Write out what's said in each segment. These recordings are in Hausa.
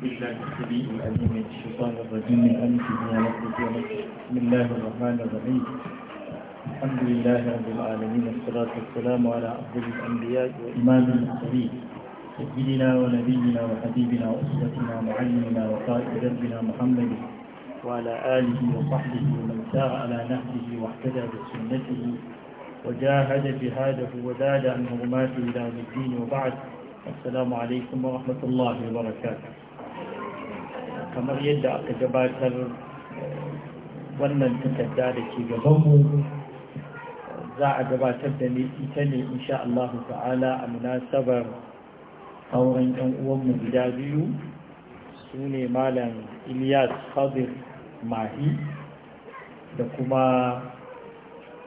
الحمد لله رب العالمين والصلاة والسلام على أفضل الأنبياء وإمام المرسلين سيدنا ونبينا وحبيبنا وأسرتنا معلمنا وقائد ربنا محمد وعلى آله وصحبه ومن سار على نهجه واهتدى بسنته وجاهد جهاده وزاد عن هرماته إلى الدين وبعد السلام عليكم ورحمة الله وبركاته kamar yadda aka gabatar wannan takarda da ke gabanmu za a gabatar da ne ita ne insha Allah ta'ala a munasabar auren ɗan uwanmu guda biyu su ne malam Ilyas Khadir Mahi da kuma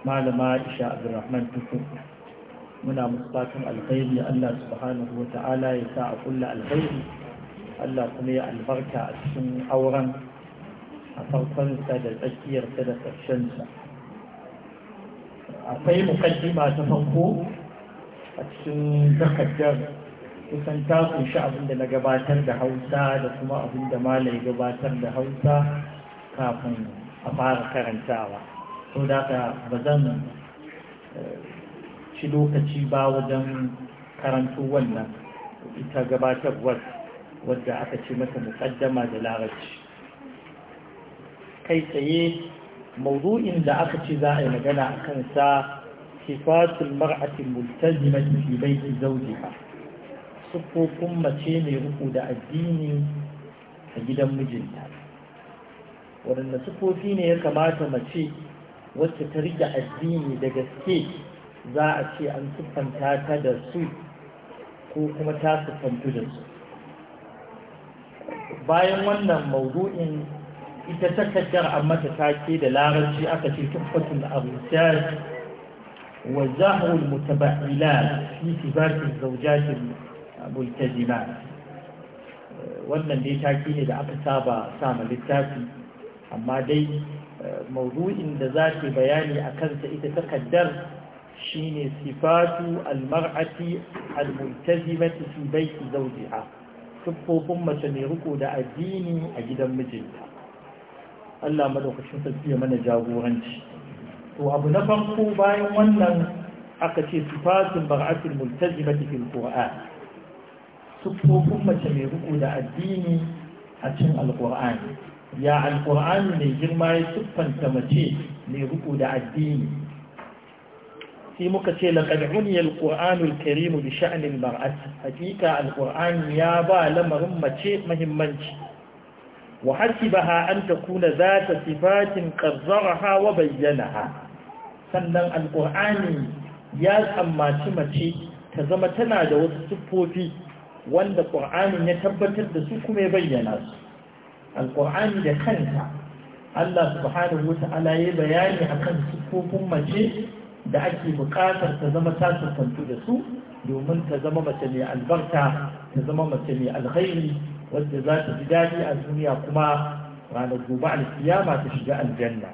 malama Isha Abdulrahman Tuku muna musu fatan alkhairi Allah subhanahu wa ta'ala ya sa a kulla alkhairi Allah kuma ya albarka a cikin auren a farkonsa da tsakiyarsa da ƙarshensa akwai mukaddima ta farko a cikin takardar kusan ta kunshi abin da na gabatar da hausa da kuma abin da malai gabatar da hausa kafin a fara karantawa so da ka ba zan eh, ci lokaci ba wajen karanto wannan ita gabatarwar wadda aka ce mata muƙaddama da larabci kai tsaye mawdu'in da aka ce za a yi magana a kansa sifatul mar'atin multazimati fi baiti zawjiha sufofin mace mai ruku da addini a gidan mijinta waɗanda sufofi ne ya kamata mace wacce ta rike addini da gaske za a ce an siffanta ta da su ko kuma ta siffantu da su bayan wannan maudu'in ita takaddar amma ta take da larabci aka ce tuhfatul absar wa zahrul mutabailat fi sifatil zawjatil multazimat wannan dai taki ne da aka saba sama littafi amma dai eh, maudu'in da za ta bayani a kansa ita takaddar shine sifatu almar'ati almultazimati fi baiti zawjiha siffofin mace mai riko da addini a gidan mijinta Allah madaukakin sarki ya mana jagoranci to abu na farko bayan wannan aka ce sifatin bar'atul multazimati fil qur'an siffofin mace mai riko da addini a cikin alqur'ani ya alqur'ani mai girma ya siffanta mace mai riko da addini sai muka ce laqad uniya alqur'anul Karimu bi sha'nil hakika alqur'ani ya ba lamarin mace mahimmanci wa hasibaha an takuna zata sifatin qazzaraha wa ha. sannan Alƙur'ani ya tsammaci mace ta zama tana da wasu siffofi wanda ƙur'anin ya tabbatar da su kuma ya bayyana su alqur'ani da kanta Allah subhanahu wa ta'ala ya bayani akan siffofin mace da ake buƙatar ta zama ta sassantu da su domin ta zama mace mai albarka ta zama mace mai alhairi wadda za ta ji daɗi a duniya kuma ranar gobe alkiyama ta shiga aljanna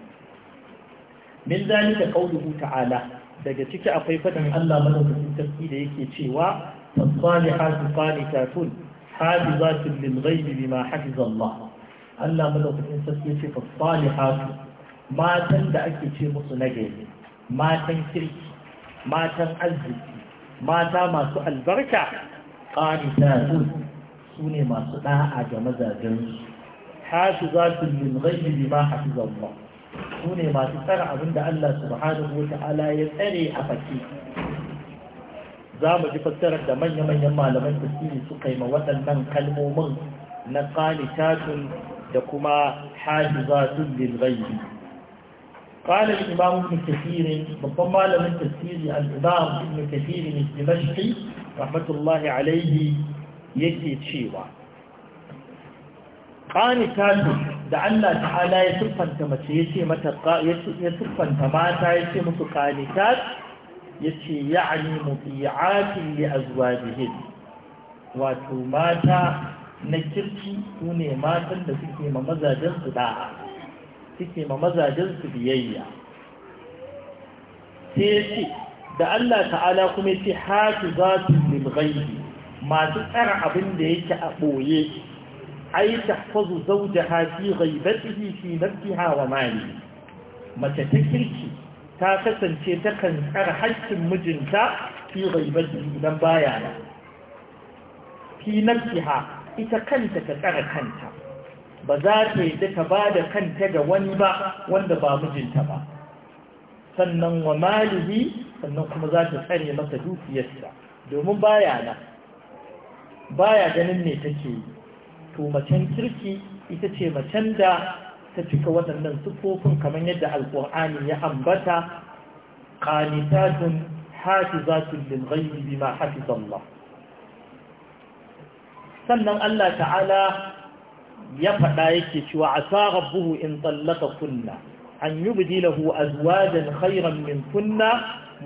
min da qauluhu ta'ala daga ciki akwai fadin Allah madaukakin sarki da yake cewa fasalihatu qanitatun hafizatun lil ghaibi bima hafiza Allah Allah madaukakin sarki ya ce fasalihatu matan da ake ce musu na nagari matan kirki matan arziki mata masu albarka qanitatun sune masu da'a ga mazajensu hafizatun lil ghaibi bima hafiza Allah sune masu tsara abinda Allah subhanahu Ta'ala ya tsare a fake za mu ji fassarar da manya-manyan malaman ne suka yi ma waɗannan kalmomin na qanitatun da kuma hafizatun lil ghaibi قال الإمام ابن كثير ربما لم تفسير الإمام ابن كثير الدمشقي رحمة الله عليه يكي تشيوا قانتات da Allah ta'ala ya tufanta mace ya ce mata ya siffanta mata ya ce musu ya ce ya'ani muti'atin wato mata na kirki sune matan da suke ma mazajen su suke ma mazajensu biyayya sai ce da Allah ta'ala kuma ce hatu za su lilghaibi masu tsara abin da yake a ɓoye ai tahfazu zawjaha fi ghaibatihi fi nafsiha wa mali mace ta kirki ta kasance ta kan tsara haƙƙin mijinta fi ghaibatihi idan baya na fi ita kanta ta tsara kanta ba za ta yi duka ba da kanta ga wani ba wanda ba mijinta ba sannan wa malihi sannan kuma za ta tsare masa dukiyarsa domin baya na baya ganin ne take yi to macen kirki ita ce macen da ta cika waɗannan sufofin kamar yadda alƙur'ani ya ambata qanitatun hafizatun lil ghaibi bima hafizallah sannan Allah ta'ala ya faɗa yake cewa asa buhu in tsallaka kunna an yubdilahu azwajan khairan min kunna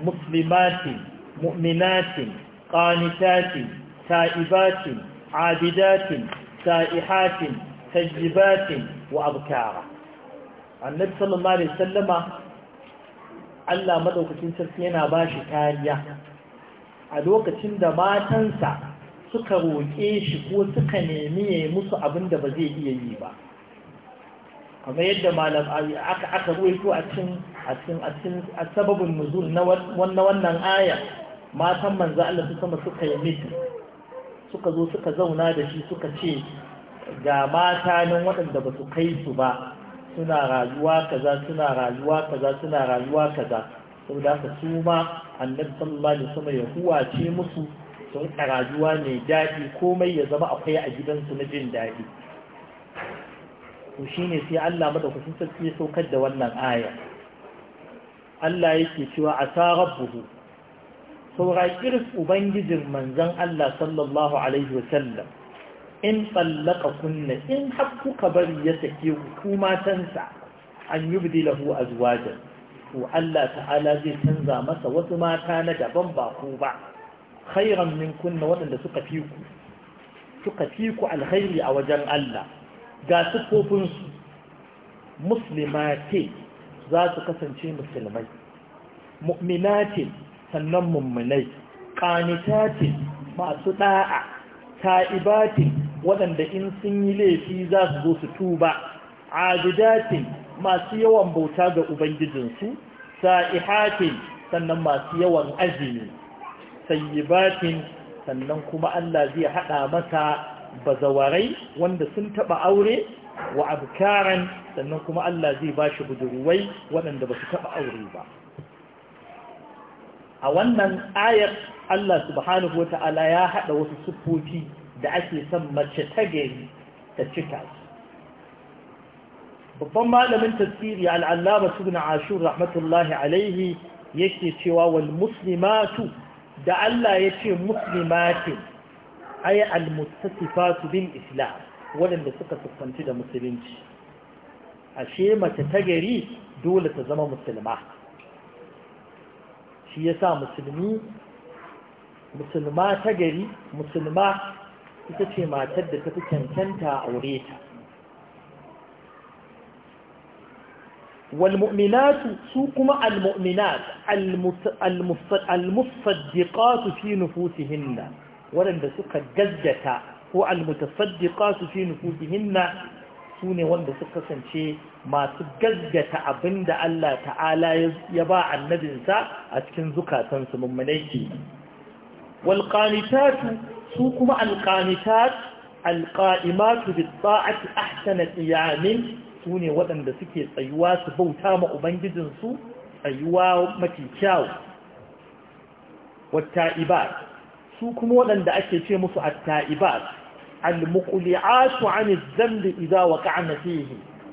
muslimatin mu'minatin qanitatin ta'ibatin abidatin sa'ihatin tajjibatin wa abkara annabi sallallahu alaihi wasallama Allah madaukakin sarki yana bashi kariya a lokacin da matansa suka roƙe shi ko suka nemi ya yi musu abin da ba zai iya yi ba kamar yadda malam aka aka a cin a sababin nuzul na wannan aya matan manzo Allah su sama suka yi miti suka zo suka zauna da shi suka ce ga mata waɗanda ba su kai su ba suna rayuwa kaza suna rayuwa kaza suna rayuwa kaza da haka su ma annabi sallallahu ne sama ya huwace musu su rika mai daɗi komai ya zama akwai a gidansu na jin daɗi shi ne sai Allah ku sun ya saukar da wannan aya Allah yake cewa asa Buhu. saura kiris ubangijin manzon Allah sallallahu alaihi wasallam in tsallaka kunna in har kuka bari ya sake ku matansa an yubdi lahu azwajan to Allah ta'ala zai canza masa wasu mata na daban ba ku ba khairan min kunna waɗanda suka fi ku suka fi ku alkhairi a wajen Allah ga siffofinsu muslimate za su kasance musulmai muminati sannan mummunai qanitate masu da'a ta'ibatin waɗanda in sun yi laifi za su zo su tuba ajidatin masu yawan bauta ga ubangijinsu sa'ihatin sannan masu yawan azumi sayyibatin sannan kuma Allah zai haɗa masa bazawarai wanda sun taɓa aure wa abkaran sannan kuma Allah zai bashi budurwai waɗanda ba su taɓa aure ba a wannan ayar Allah subhanahu wa ya haɗa wasu siffofi da ake son mace ta gari ta cika babban malamin tafsiri al'allama su na ashur rahmatullahi alaihi yake cewa wal muslimatu da Allah ya ce muslimatin ay almuttasifatu bil islam waɗanda suka siffanci da musulunci ashe mace ta gari dole ta zama musulma shi yasa musulmi musulma ta gari musulma ita ce matar da ta fi cancanta aure ta والمؤمنات سوكما المؤمنات المصدقات في نفوسهن ولن سوك جزتا هو المتصدقات في نفوسهن سوني وند سوك سنشي ما سجزتا أبند الله تعالى يباع النبي سا أتكن زكا تنسم منيكي والقانتات سوكما القانتات القائمات بالطاعة أحسن قيام su ne waɗanda suke tsayuwa su bauta ma ubangijinsu tsayuwa mafi kyawu su kuma waɗanda ake ce musu atta'ibat al-muqli'atu 'ani dhanbi idza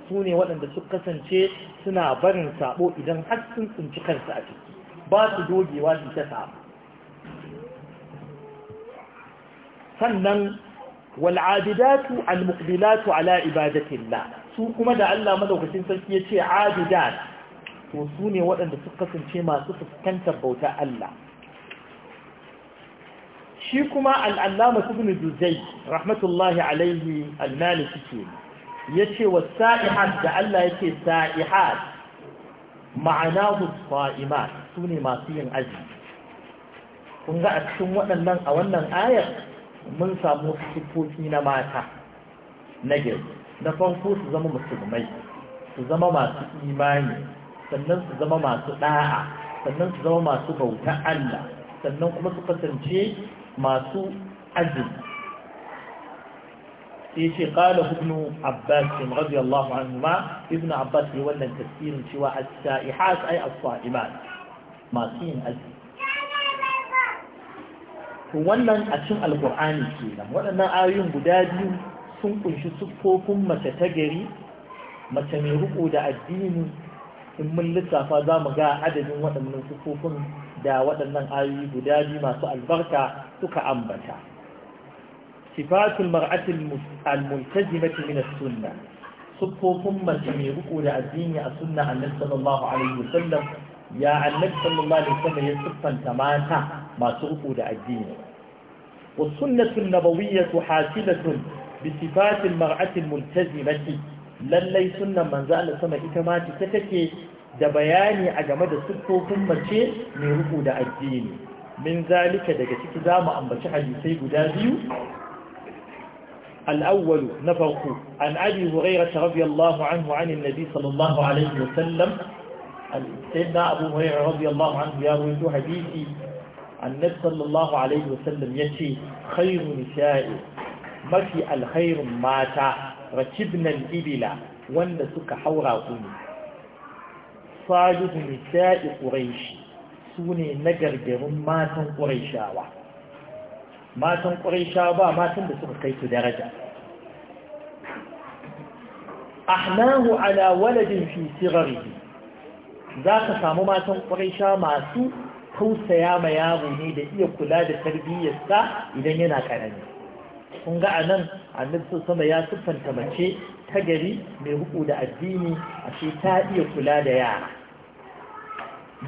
su ne waɗanda su kasance suna barin sabo idan har sun tsinci kansu a ciki ba su dogewa su ta sabo sannan wal 'abidatu al-muqbilatu 'ala ibadatillah su kuma da Allah madaukakin sarki ya ce abidan to su ne waɗanda suka kasance masu fuskantar bauta Allah shi kuma al'allama su juzai rahmatullahi alaihi su ke ya ce wa sa'ihat da Allah ya ce sa'ihat ma'ana sa'imat su ne masu yin aji kun ga a cikin waɗannan a wannan ayar mun samu siffofi na mata na girma na farko su zama musulmai su zama masu imani sannan su zama masu da'a sannan su zama masu bauta Allah sannan kuma su kasance masu azumi sai ce kala ibnu abbas radiyallahu anhu ma Ibn abbas ne wannan tafsirin cewa as-sa'ihat ay as-sa'imat masu yin azumi wannan a cikin alqur'ani kenan waɗannan ayoyin guda biyu sun kunshi siffofin mace ta gari mace mai riko da addini in mun lissafa za mu ga adadin waɗannan siffofin da waɗannan ayoyi guda biyu masu albarka suka ambata sifatul mar'atul al-multazimati min as-sunnah siffofin mace mai riko da addini a sunna annabi sallallahu alaihi wasallam ya annabi sallallahu alaihi wasallam ya siffanta mata masu riko da addini والسنة النبوية حاصلة بصفات المرأة الملتزمة لن ليسن من زال سمع إتمات تتكي دبياني أجمد سبو ثم شيء من رؤود الدين من ذلك دقة كدام أن بشح يسيب دازي الأول نفرق عن أبي هريرة رضي الله عنه عن النبي صلى الله عليه وسلم سيدنا أبو هريرة رضي الله عنه يا رويتو حديثي النبي صلى الله عليه وسلم يتي خير نسائي mafi alkhairun mata rakibnan ibila wanda suka haura kuni salihu nisa'i quraishi sune nagargarin matan quraishawa matan quraishawa ba matan da suka kai su daraja ahnahu ala waladin fi Za zaka samu matan ƙuraisha masu tausaya ma yaro ne da iya kula da tarbiyyarsa idan yana ƙarami kun ga anan annabi sama ya siffanta mace ta gari mai huku da addini a ce ta iya kula da yara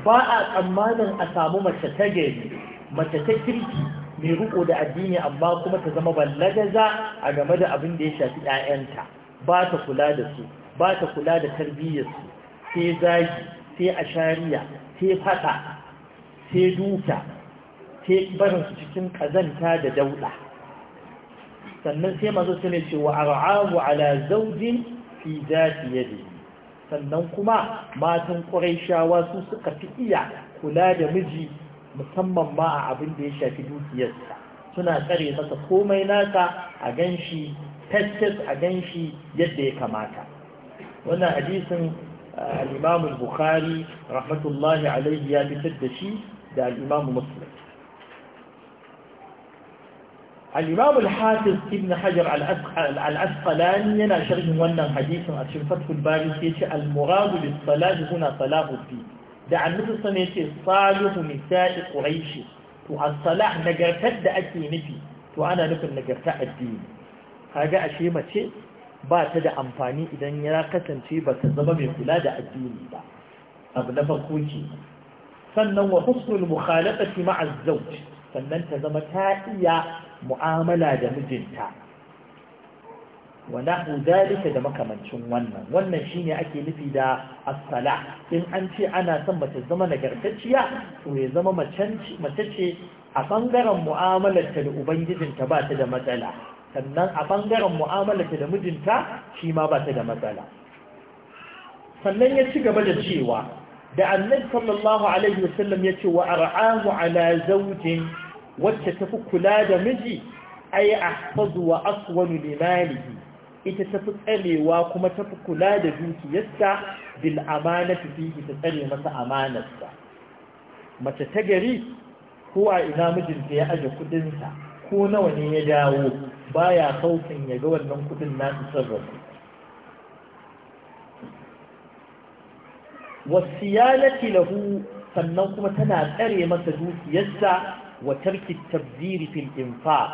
ba a tsammanin a samu mace ta gari mace ta kirki mai riko da addini amma kuma ta zama ballagaza a game da abin da ya shafi 'ya'yanta ba ta kula da su ba ta kula da tarbiyyarsu sai zagi sai ashariya sai fata sai duka sai barinsu cikin ƙazanta da dauɗa sannan sai masu sai ce wa ar'ahu ala zaujin fi zati yadihi sannan kuma matan quraishawa su suka fi iya kula da miji musamman ma a abin da ya shafi dukiyarsa suna tsare masa komai nasa a ganshi tattas a ganshi yadda ya kamata wannan hadisin eh, al bukhari rahmatullahi alaihi ya fitar da shi da al-Imam Muslim al’imamu al’afis ibn hajar al’asqalani yana sharhin wannan hadisun a cikin fatul bari ke ce al-muradu da salafi suna salafi fi da annisa ne ce salihu misali ƙuraishi to a salah nagartar da ake nufi to ana nufin nagarta addini kaga a shema ce ba ta da amfani idan ya kasance ba zama mai kula da addini ba abu na farko ke sannan wa husnul mukhalafati ma'az zawj sannan ta zama ta iya mu'amala da mijinta wa nahu zalika da makamancin wannan wannan shine ake nufi da as-sala in an ce ana son mace zama nagartacciya to ya zama mace ce a bangaren mu'amalarta da ubangijinta ba ta da matsala sannan a bangaren mu'amalarta da mijinta shi ma ba ta da matsala sannan ya ci gaba da cewa da annabi sallallahu alaihi wasallam ya ce wa ar'amu ala zawjin wacce tafi kula da miji ai ahfazu wa aswanu limalihi ita tafi tsarewa kuma tafi kula da dukiyarsa bil amanati fihi ta tsare masa amanarsa mace ta gari ko a ina mijinta ya aje kudinsa ko nawa ne ya dawo baya sautin ya ga wannan kudin nasu sarrafa wasiyalati lahu sannan kuma tana tsare masa dukiyarsa wa tarki tabdiri fil infaq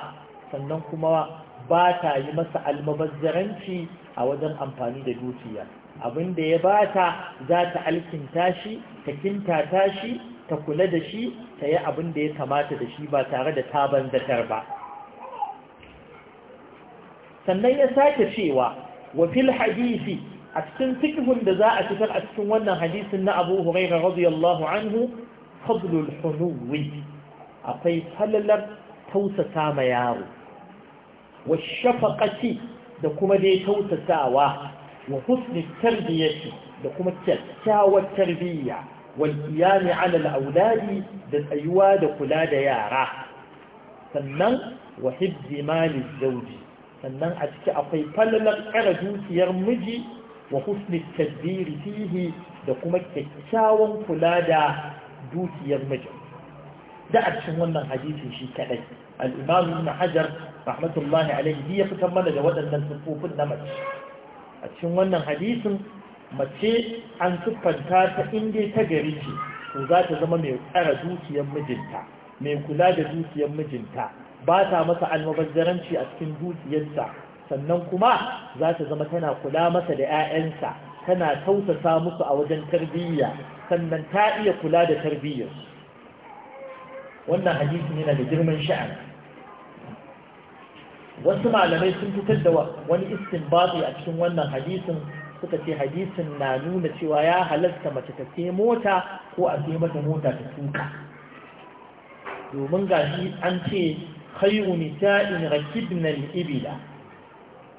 sannan kuma ba ta yi masa almabazzaranci a wajen amfani da dukiya abinda ya bata za ta alkinta shi ta kintata shi ta kula da shi ta yi abinda ya kamata da shi ba tare da taban zatar ba sannan ya sake cewa wa fil hadisi a cikin fikihun da za a fitar a cikin wannan hadisin na abu hurairah radiyallahu anhu fadlul hunuwi akwai falalar tausasa ma yaro wa shafaƙaci da kuma dai tausasawa wa husni tarbiyati da kuma kyakkyawar tarbiyya wal qiyami ala auladi da tsayuwa da kula da yara sannan wa hibzi mali sannan a ciki akwai falalar kara dukiyar miji wa husni tarbiyyar fihi da kuma kyakkyawan kula da dukiyar mijin da a cikin wannan hadisi shi kadai al-imam ibn hajar rahmatullahi ya fitar mana da waɗannan sifofin na mace a cikin wannan hadisin mace an siffanta ta inda ta gari ce to za ta zama mai tsara dukiyar mijinta mai kula da dukiyar mijinta ba ta masa almubazzaranci a cikin dukiyarsa sannan kuma za ta zama tana kula masa da 'ya'yansa tana tausasa musu a wajen tarbiyya sannan ta iya kula da tarbiyyarsu wannan hadisin yana da girman sha'ani wasu malamai sun fitar da wani istinbati a cikin wannan hadisin suka ce hadisin na nuna cewa ya halatta mace ta sai mota ko a sai mata mota ta tuka domin gashi an ce khairu nisa'in rakibna al-ibila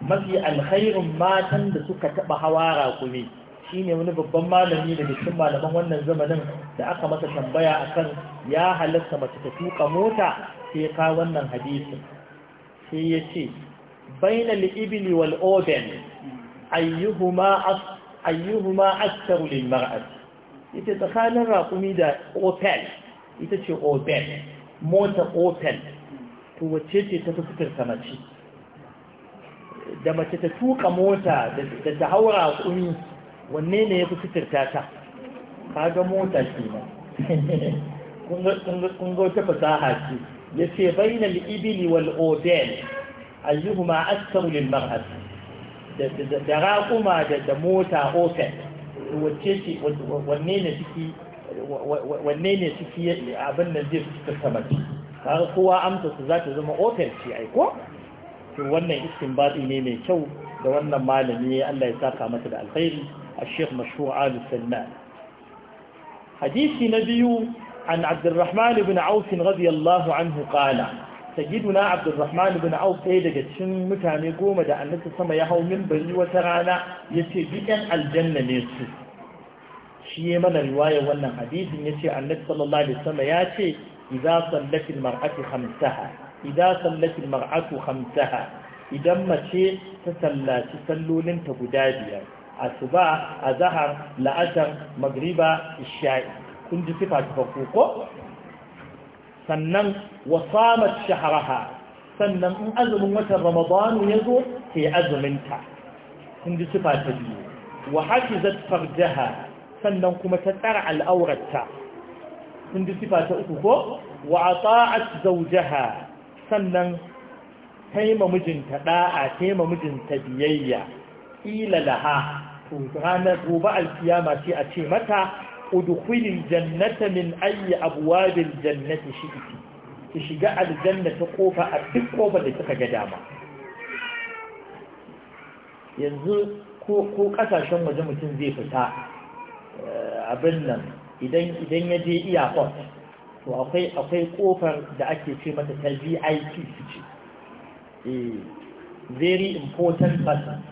mafi alkhairun matan da suka taba hawa raƙumi shine wani babban malami da cikin malaman wannan zamanin da aka masa tambaya akan ya halatta mace ta tuka mota sai ka wannan hadisi sai ya ce baina al-ibli wal oben ayyuhuma as ayyuhuma aktaru lil mar'ati ita tsakanin raƙumi da opel ita ce opel mota opel to wacce ce ta fi fitar mace da mace ta tuka mota da ta haura kuni wanne ne ya fi suturta ta Ka ga mota ke nan kun ta fasaha ce ya ce bayan al'ibili wal odel ayyuhuma askaru lil mar'at da raƙuma da mota opel wacce ce wanne ne ciki wanne ne ciki abin nan zai suturta mace kaga kowa amsa su za ta zama opel ce aiko to wannan iskin batsi ne mai kyau da wannan malami Allah ya saka mata da alkhairi الشيخ مشهور آل سلمان حديث نبي عن عبد الرحمن بن عوف رضي الله عنه قال سيدنا عبد الرحمن بن عوف إذا إيه جتشن متاني قوم دا أن نتصم يهو من بري وترانا يتبقى الجنة نيسو شيء من الرواية وأن حديث يتي عن نت صلى الله عليه وسلم ياتي إذا صلت المرأة خمسها إذا صلت المرأة خمسها إذا ما تصلى تصلون تبدا بيها asuba zahar la'asar magriba isha'i kun ji sifa ta farko ko sannan wa shahraha sannan in azumin watan ramadan ya zo sai azumin ta kun ji sifa ta biyu wa hafizat farjaha sannan kuma ta tsara al'auratta kun ji sifa ta uku ko wa ata'at zawjaha sannan taimamijinta mijinta da'a taima biyayya ila laha ranar gobe alkiyama ce a ce mata udkhulil jannata min abuwabin abwabil jannati shi'ti ki shiga aljanna ta kofa a duk kofar da kika ga dama yanzu ko ko kasashen waje mutum zai fita eh, abin nan idan idan ya je iyakon to akwai akwai kofar da ake ce mata ta VIP ce eh very important person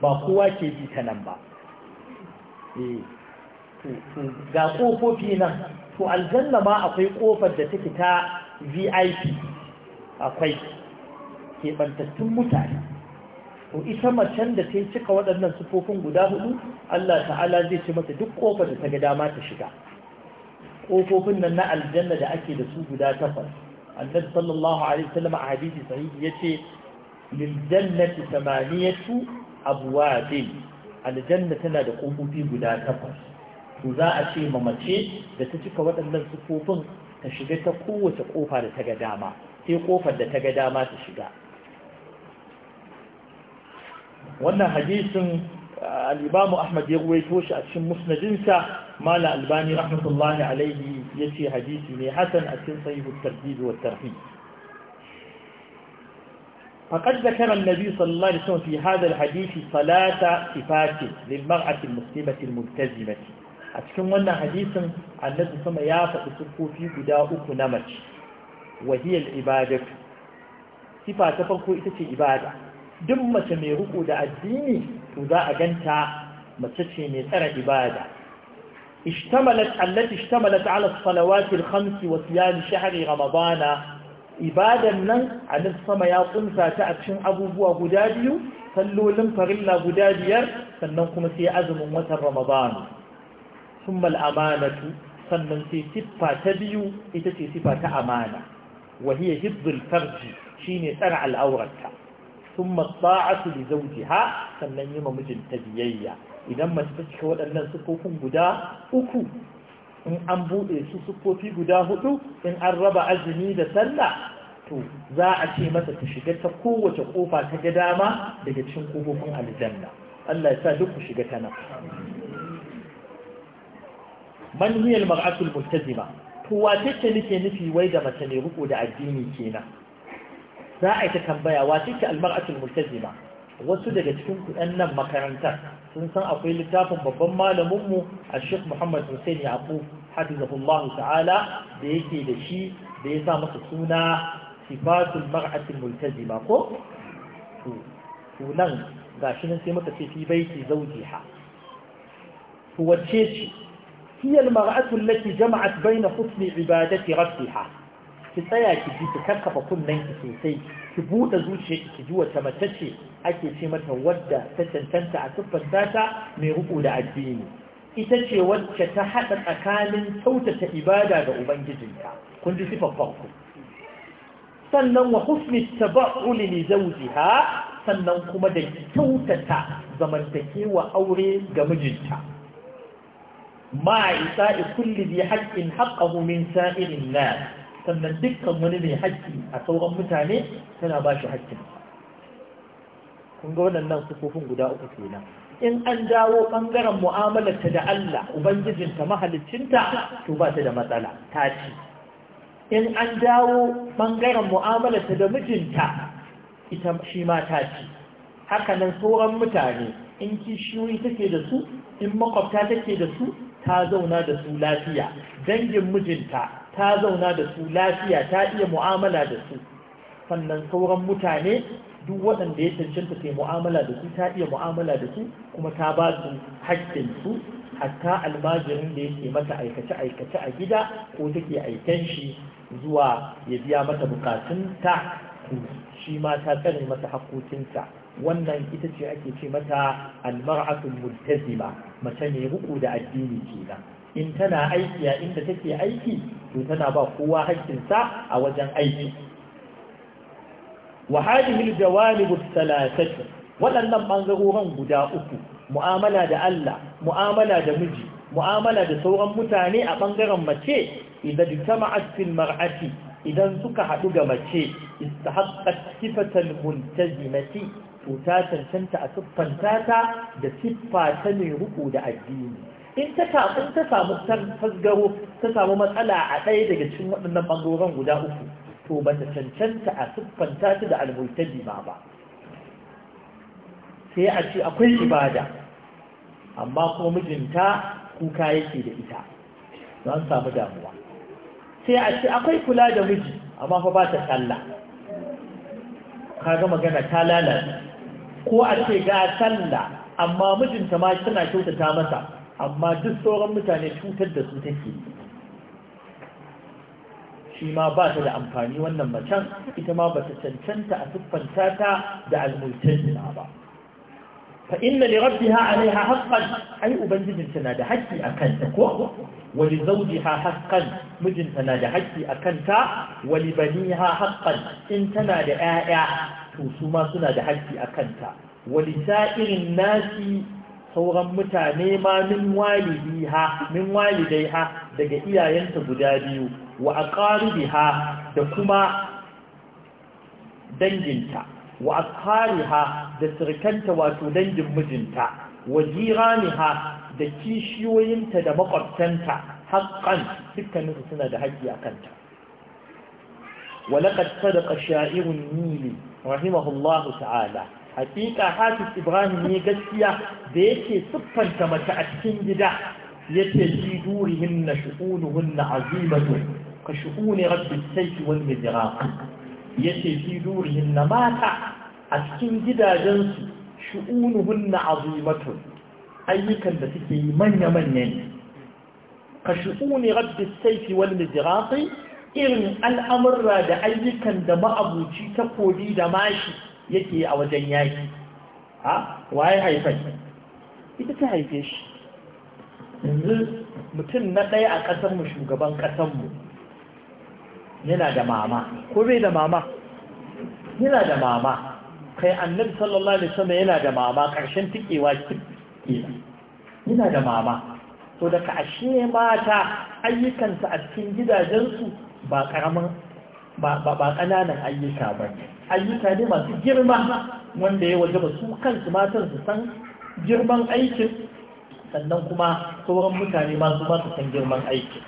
ba kowa ke bi ta nan ba eh, ga ƙofofi nan to aljanna ma akwai ƙofar da take ta vip akwai keɓantattun mutane to ita macen da ta yi cika waɗannan sufofin guda hudu Allah ta'ala zai ce mata duk ƙofar da ta ga dama ta shiga ƙofofin nan na aljanna da ake da su guda takwas annabi sallallahu alaihi wasallam a hadisi sahihi yace lil jannati thamaniyatu abwabin aljanna tana da kofofi guda takwas to za a ce mace da ta cika waɗannan sufofin ta shiga ta kowace ƙofa da ta ga dama sai ƙofar da ta ga dama ta shiga wannan hadisin ah, Alibamu Ahmad ya ruwaito shi a cikin musnadinsa Mala Albani rahmatullahi alaihi yace hadisi ne hasan a cikin sahih at-Tirmidhi wa فقد ذكر النبي صلى الله عليه وسلم في هذا الحديث صلاة صفات للمرأة المسلمة الملتزمة أتكلم أن حديث عن النبي صلى الله عليه وسلم يافق في بداء كنمج وهي العبادة صفة تفرق إتتي عبادة دم تميرك دا الدين تدا أجنتا متتشي من أرى عبادة اشتملت التي اشتملت على الصلوات الخمس وصيام شهر رمضان ibadan nan a sama ya kunsa ta a cikin abubuwa guda biyu sallolin farilla guda biyar sannan kuma sai azumin watan ramadan summa amanatu sannan sai siffa ta biyu ita ce siffa ta amana wa hiya hibdul farji shine tsara al'aurata summa ta'atu li zawjiha sannan yi ma mijinta biyayya idan mace ta cika waɗannan sifofin guda uku in an buɗe su siffofi guda hudu in an raba azumi da sallah to za a ce masa ta shiga ta kowace kofa ta ga dama daga cikin kofofin aljanna Allah ya sa duk ku shiga ta nan man hiya al-mar'atul multazima to wace ce nake nufi wai da mace ne riko da addini kenan za a yi ta tambaya wace ce al al multazima wasu daga cikin kuɗan nan makarantar sun san akwai littafin babban malaminmu a shek muhammad hussein yaƙu hadizahullahu ta'ala da yake da shi da ya sa masa suna sifatul mar'atul multazima ko sunan gashi nan sai muka ce fi baiti zawjiha to wacce ce هي المرأة التي جمعت بين حسن عبادة ha. ki tsaya ki ji ki kakkafa kunnen ki sosai ki buɗe zuciyarki ki ji wata mace ce ake ce mata wadda ta cancanta a siffanta ta mai riko da addini ita ce wacce ta haɗa tsakanin kyautata ibada ga ubangijinta kun ji sifar farko sannan wa husni tabauli li zawjiha sannan kuma da kyautata zamantakewa aure ga mijinta ma isa kulli bi haqqin haqqahu min sa'irin nas sannan dukkan wani mai haƙƙi a sauran mutane tana ba shi haƙƙin kun ga waɗannan sukufin guda uku kenan in an dawo ɓangaren mu'amalarta da Allah ubangijinta mahalicinta to ba ta da matsala ta ci in an dawo ɓangaren mu'amalarta da mijinta ita shi ma ta ci haka nan sauran mutane in kishiyoyi take da su in makwabta take da su ta zauna da su lafiya dangin mijinta ta zauna da su lafiya ta iya mu'amala da su sannan sauran mutane duk waɗanda ya cancanta ta mu'amala da su ta iya mu'amala da su kuma ta ba su su. hatta almajirin da yake mata aikace-aikace a gida ko take aiken shi zuwa ya biya mata bukatun bukatunta shi ma ta tsare mata haƙƙocinta wannan ita ce ake ce mata almar'atul multazima mace ne ruku da addini kenan in tana aiki a inda take aiki to tana ba kowa haƙƙinsa a wajen aiki wa hadihil jawanibu salasatu waɗannan ɓangarorin guda uku mu'amala da Allah mu'amala da miji mu'amala da sauran mutane a ɓangaren mace idan jama'at fil mar'ati idan suka haɗu ga mace istahaqqat sifatan multazimati to ta cancanta a siffanta ta da siffa ta mai ruku da addini in ta samu ta samu tasgaro ta samu matsala a ɗaya daga cikin waɗannan ɓangaren guda uku to ba ta cancanta a siffanta ta da almultaji ma ba sai a ce akwai ibada amma kuma mijinta kuka yake da ita don samu damuwa sai a ce akwai kula da miji amma fa ba ta tsalla kaga magana ta lalace ko a ce ga tsalla amma mijinta ma tana kyautata masa amma duk sauran mutane cutar da su take shi ma ba ta da amfani wannan macen ita ma ba ta cancanta a siffanta ta da almultazina ba fa inna li rabbiha alaiha haqqan ai ubangijin ta na da haƙƙi akan ta ko wa li zawjiha haqqan mijinta na da haƙƙi akan ta wa li baniha haqqan in tana da ƴaƴa to su ma suna da haƙƙi akan ta wa li sa'irin nasi sauran mutane ma min ha, min ha, daga iyayenta guda biyu wa ha, da kuma danginta wa ashariha da sirkanta wato dangin mijinta wa jiraniha da kishiyoyinta da makwabtanta Haƙƙan dukkanin su suna da haƙƙi a kanta wa laqad sadaqa sha'irun nili rahimahullahu ta'ala hakika hafiz ibrahim ne gaskiya da yake siffanta mace a cikin gida yace fi durihinna shu'unuhunna azimatu ka shu'uni rabbis sayfi wal mizraq yace fi durihinna mata a cikin gidajensu shu'unuhunna azimatu ayyukan da suke yi manya-manya ne ka shu'uni rabbis sayfi wal mizraq irin al'amurra da ayyukan da ma'abuci takobi da mashi yake a wajen yaki a waye haifai ita ta haife shi yanzu mutum na ɗaya a ƙasarmu shugaban ƙasarmu yana da mama ko bai da mama yana da mama kai annabi sallallahu alaihi wasallam yana da mama ƙarshen tikewa kenan yana da mama to daga ashe mata ayyukansa a cikin gidajensu ba ƙaramin ba ƙananan ayyuka ba ayyuka ne masu girma wanda ya waje ba su kan matan su san girman aikin sannan kuma sauran mutane masu masu san girman aikin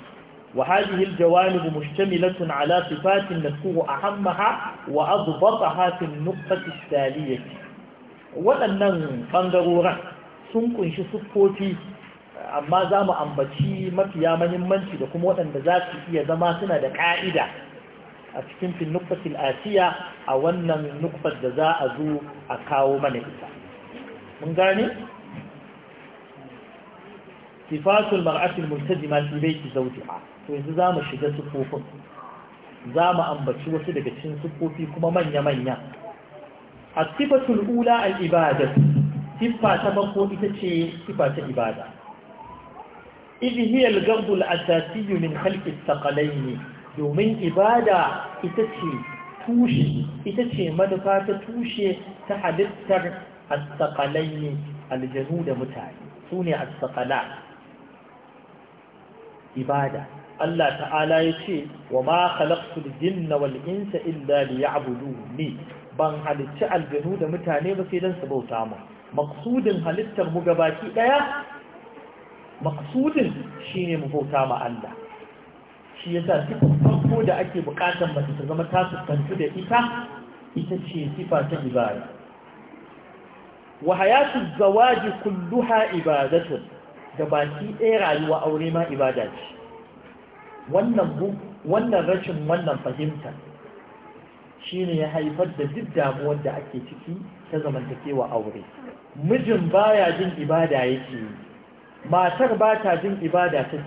وهذه الجوانب مشتملة على صفات نذكر أهمها وأضبطها في النقطة التالية waɗannan ɓangarorin sun ƙunshi siffofi amma za mu ambaci mafiya mahimmanci da kuma waɗanda za su iya zama suna da ƙa'ida a cikin fin nukfatil asiya a wannan nukfar da za a zo a kawo mana ita mun gane sifatul mar'atul multazima fi baiti zawjiha to yanzu za mu shiga sufofin za mu ambaci wasu daga cikin sufofi kuma manya-manya asifatul ula al-ibadatu siffa ta farko ita ce siffa ta ibada idh hiya al-ghadbu al min khalqi al ne domin ibada ita ce tushe ita ce manufa ta tushe ta halittar astakalai aljanu da mutane su ne astakala ibada Allah ta'ala ya ce wa ma khalaqtul jinna wal insa illa liya'buduni ban halicci aljanu da mutane ba sai dan su bauta mu maksudin halittar mu gabaki daya maksudin shine mu bauta ma Allah shi yasa cikin farko da ake bukatar mace ta zama ta fuskantu da ita ita ce sifa ta ibada wa hayatu zawaji kulluha ibadatu da baki ɗaya rayuwa aure ma ibada ce wannan rashin wannan fahimta shine ya haifar da duk damuwar da ake ciki ta zamantakewa aure mijin baya jin ibada yake matar ba ta jin ibada take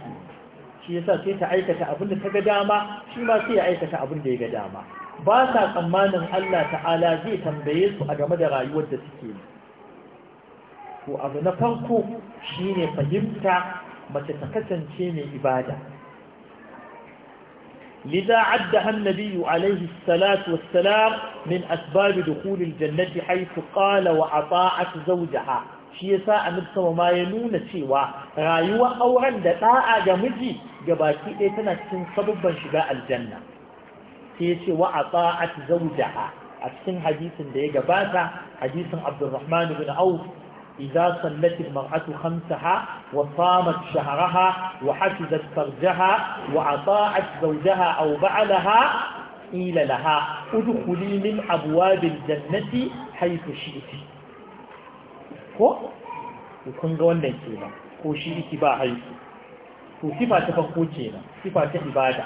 shi yasa sai ta aikata abin da ta ga dama shi ma sai ya aikata abin da ya ga dama ba sa tsammanin Allah ta'ala zai tambaye su a game da rayuwar da suke yi to abu na farko shine fahimta mace ta kasance mai ibada لذا عدها النبي عليه الصلاة والسلام من أسباب دخول الجنة حيث قال وأطاعت زوجها shi yasa annabi sama ya nuna cewa rayuwar auren da da'a ga miji gabaki ɗaya tana cikin sababban shiga aljanna ke ya ce wa a ta'at zawjaha a cikin hadisin da ya gabata hadisin abdurrahman ibn auf idza sallat almar'atu khamsaha wa samat shahraha wa hafizat farjaha wa ata'at zawjaha aw ba'alaha ila laha udkhuli min abwabil jannati haythu shi'ti ko kun ga wannan kenan ko shi iki ba haiku to sifa ta farko kenan sifa ta ibada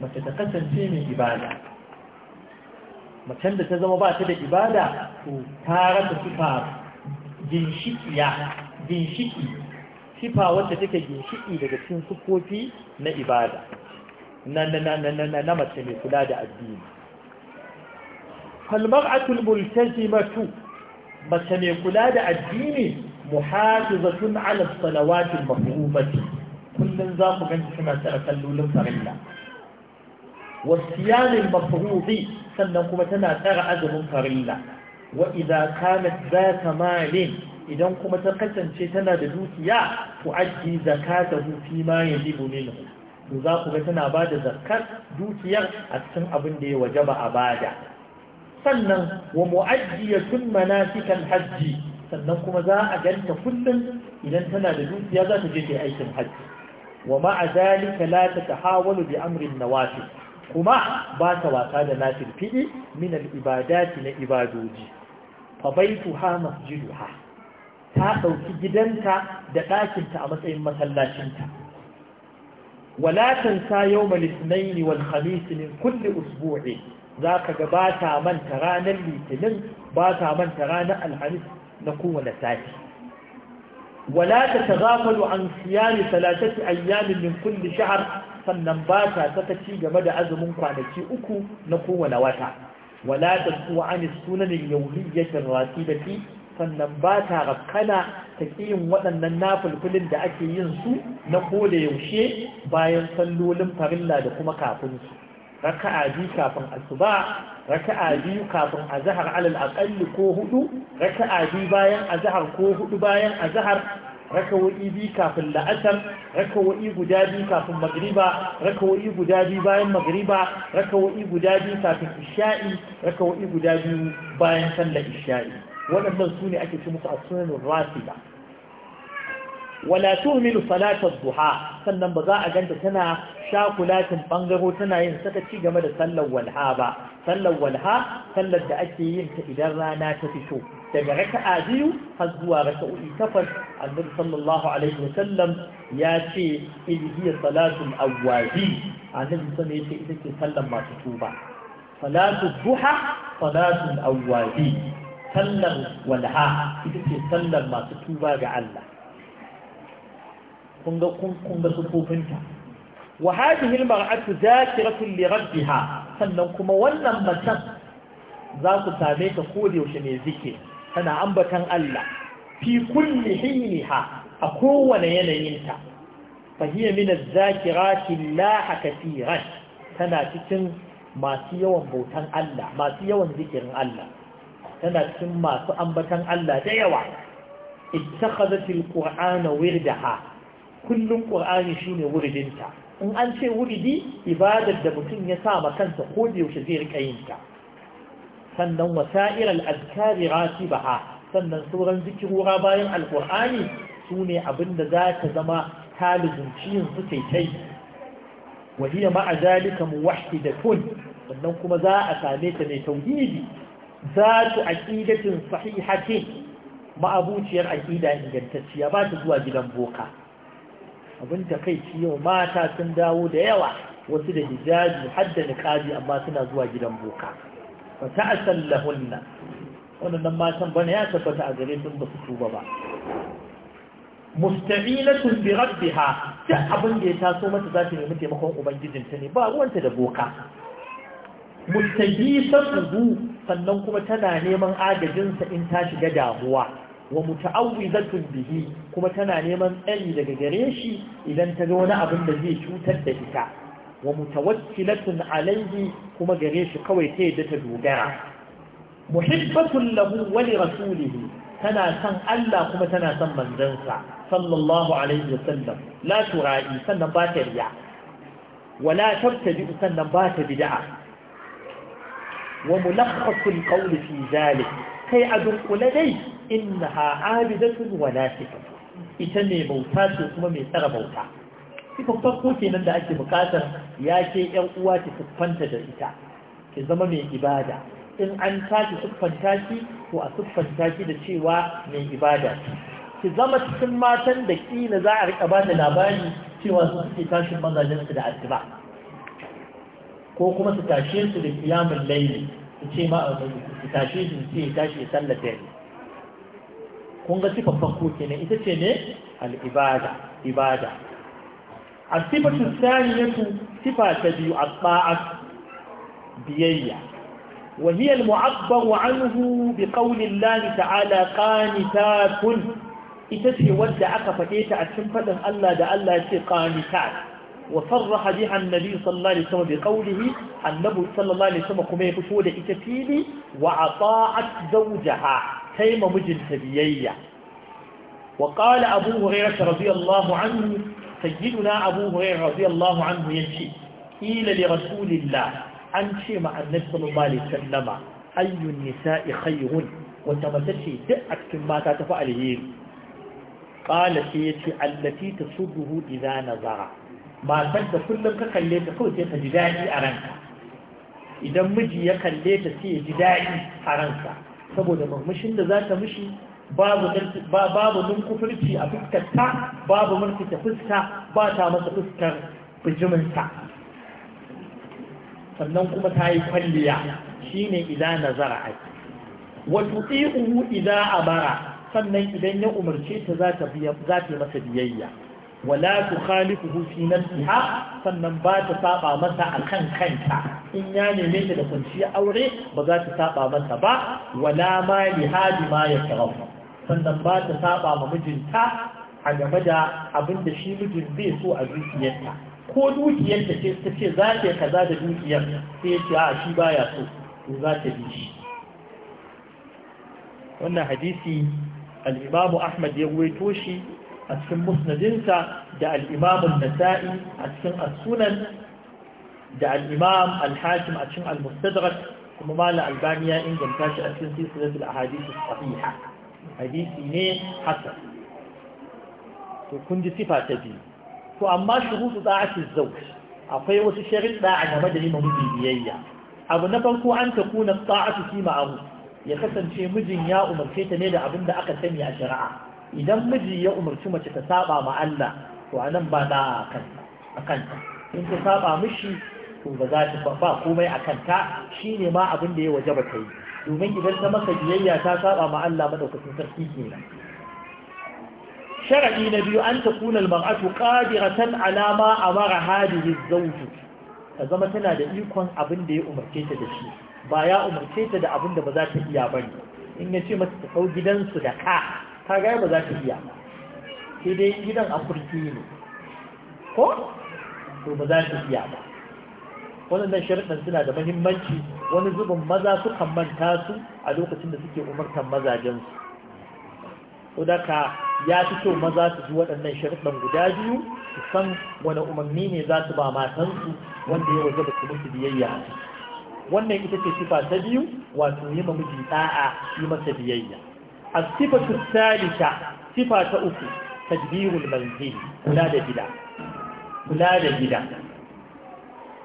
mace ta kasance mai ibada macen da ta zama ba ta da ibada to ta rasa sifa ginshikiya ginshiki sifa wacce take ginshiki daga cikin sukofi na ibada na na na na na na mace mai kula da addini falmar'atul multazimatu mace mai kula da addini muhafizatun ala salawatil mafruḍati Kullum za ku ganci suna tsara kallolin farilla wasiyanil mafruḍi sannan kuma tana tsara azumin farilla wa idza kanat zata malin idan kuma ta kasance tana da dukiya ku aji zakatahu hufi ma yajibu minhu to za ku ga tana ba da zakat dukiyar a cikin abin da ya ba a bada sannan wa mu'ajjiyatun manasikan hajji sannan kuma za a ganta kullum idan tana da dukiya za ta je ta aikin hajji wa ma'a zalika la tatahawalu bi amrin nawafil kuma ba ta wasa da nafil fidi min al ibadati na ibadoji fa baituha masjiduha ta dauki gidanta da ɗakinta a matsayin masallacinta wala tansa yawmal ithnain wal khamis min kulli usbu'in za ka ga ba ta manta ranar litinin ba ta manta ranar alhamis na kowane sati wala ta tagafalu an siyami talatati ayyamin min kulli shahr sannan ba ta ci game da azumin kwanaki uku na kowane wata wala ta kuwa an sunanin yawmiyyatin rasidati sannan ba ta rakkana ta yin waɗannan nafulfulin da ake yin su na koda yaushe bayan sallolin farilla da kuma kafin su raka'a biyu kafin asuba raka'a biyu kafin azhar alal aqall ko hudu raka'a biyu bayan azhar ko hudu bayan azhar rakawoyi biyu kafin la'asar rakawoyi guda biyu kafin magriba rakawoyi guda biyu bayan magriba rakawoyi guda biyu kafin isha'i rakawoyi guda biyu bayan sallar isha'i waɗannan su ne ake ci musu a sunan rafida wala tuhmilu salatar duha sannan ba za a ganta tana shakulatin bangaro tana yin saka ci game da sallar walha ba sallar walha sallar da ake yin ta idan rana ta fito daga raka'a biyu har zuwa raka'o'i takwas annabi sallallahu alaihi wa sallam ya ce in hiya salatul awwabi annabi sallallahu ya ita ke sallar masu tuba salatul duha salatul awwabi sallar walha ita ce sallar masu tuba ga Allah kun ga kun ga hilmar wa za ki zakiratun lirar rabbiha sannan kuma wannan matan za ku same ta ko yaushe ne zike tana ambatan Allah fi kulli hiniha a kowane yanayinta fa za ki az-zakirati Allah tana cikin masu yawan bautan Allah masu yawan zikirin Allah tana cikin masu ambatan Allah da yawa ittakhadhatil qur'ana wirdaha kullum ƙur'ani shine wuridinta in an ce wuridi ibadar da mutum ya sa ma kansa ko da yaushe zai rika yin ta sannan wasa'ir al-azkari ratibaha sannan sauran zikirura bayan alƙur'ani su ne abin da za ta zama talibinci yin su mu wahiyar da tun sannan kuma za a same ta mai tauhidi za su aƙidatin sahihatin ma'abuciyar aƙida ingantacciya ba ta zuwa gidan boka abin ta kai ci yau mata sun dawo da yawa wasu da hijabi har da niqabi amma suna zuwa gidan boka fa ta'asal lahunna wannan matan bana ya tabbata a gare sun ba su tuba ba musta'ilatun bi rabbiha duk abin da ya taso mata za ta nemi taimakon ubangijinta ne ba ruwanta da boka mustajisatu sannan kuma tana neman agajinsa in ta shiga damuwa wa muta'awwizatun bihi kuma tana neman tsari daga gare shi idan ta ga wani abin da zai cutar da ita wa mutawakkilatun alayhi kuma gare shi kawai ta yadda ta dogara muhibbatun lahu wa li rasulihi tana san Allah kuma tana san manzansa sallallahu alaihi wa sallam la tura'i sannan ba ta riya wala tabtadi sannan ba ta bid'a wa mulakhasul qawli fi zalik kai a dunkule dai ha abidatun wa ita ne bauta ce kuma mai tsara bauta sifan farko kenan da ake bukatar ya ke ƴan uwa ki siffanta da ita ki zama mai ibada in an tashi siffanta ki ko a siffanta ki da cewa mai ibada ki zama cikin matan da kila za a rika ba da labari cewa su suke tashin su da addu'a ko kuma su tashe su da kiyamul layli su ce ma su tashe su ce tashi sallar dare kun ga sifar farko kenan ita ce ne al'ibada ibada a sifatu saniyatu sifa ta biyu a ba'at biyayya wa hiya al-mu'abbar anhu bi qawli Allah ta'ala qanitatun ita ce wadda aka faɗe ta a cikin faɗin Allah da Allah ce qanitat wa sarraha biha annabi sallallahu alaihi wasallam bi qawlihi annabi sallallahu alaihi wasallam kuma ya fito da ita fili wa ata'at zawjaha كيما مجل سبيية وقال أبو هريرة رضي الله عنه سيدنا أبو هريرة رضي الله عنه يمشي قيل لرسول الله أمشي مع النبي صلى الله عليه وسلم أي النساء خير وتمتشي دعك ما تتفعله قال سيتي التي تصده إذا نظر ما تنت كل ما خليت كوتي تجداني أرنك إذا مجي يخليت سي جدائي أرنك saboda murmushin da za ta mishi babu nun kufurci a fuskarta babu fita fuska ba ta masa fuskar bijiminta sannan kuma ta yi kwalliya shi ne idan nazara a wato tsihu idan a bara sannan idan ya umarce ta za ta yi masa biyayya wala hufi na siha sannan ba ta saba masa akan kanta in ya neme ta da kwanciya aure ba za ta saba masa ba wala ma lihadi ma ya tarafa sannan ba ta saba ma mijinta a game da abin da shi mijin zai so a zuciyarta ko dukiyarta ce ta ce za ta kaza da dukiyar sai ya ce a shi baya so to za ta bi shi wannan hadisi al Ahmad ya ruwaito shi a cikin musnadinsa da al'imamun nasa'i a cikin asunan da al'imam al-hakim a cikin al kuma mala albani inganta shi a cikin sisirar al sahiha hadisi ne hasa to kun ji sifa ta biyu to amma shuruɗu ɗa'atin zau. akwai wasu shirin a game da liman miji biyayya abu na farko an ta kuna ta'atu fi ma'amu ya kasance mijin ya umarce ta ne da abin da aka sani a shari'a idan miji ya umarci mace ta saba ma Allah to anan ba da a kanta in ta saba mishi to ba za ta ba komai a kanta shine ma abin da ya waje ta yi domin idan ta maka biyayya ta saba ma Allah madaukakin sarki kenan shar'i na biyu an ta kuna mar'atu qadiratan ala ma amara hadihi zawj ta zama tana da ikon abin da ya umarce ta da shi ba ya umarce ta da abin da ba za ta iya bane in ya ce mata ta kau gidansu da ka ka gaya ba za ta iya sai dai gidan a kurki ne ko to ba za ta iya ba waɗannan sharuɗan suna da mahimmanci wani zubin maza sukan manta su a lokacin da suke umartan mazajensu ka ya fi kyau maza su ji waɗannan shari'a guda biyu su san wani umarni ne za su ba matansu wanda ya waje ba su musu biyayya wannan ita ce sifa ta biyu wato yi ma miji ɗa'a yi masa biyayya الصفة الثالثة صفة أخرى تدبير المنزل كلا جدا كلا جدا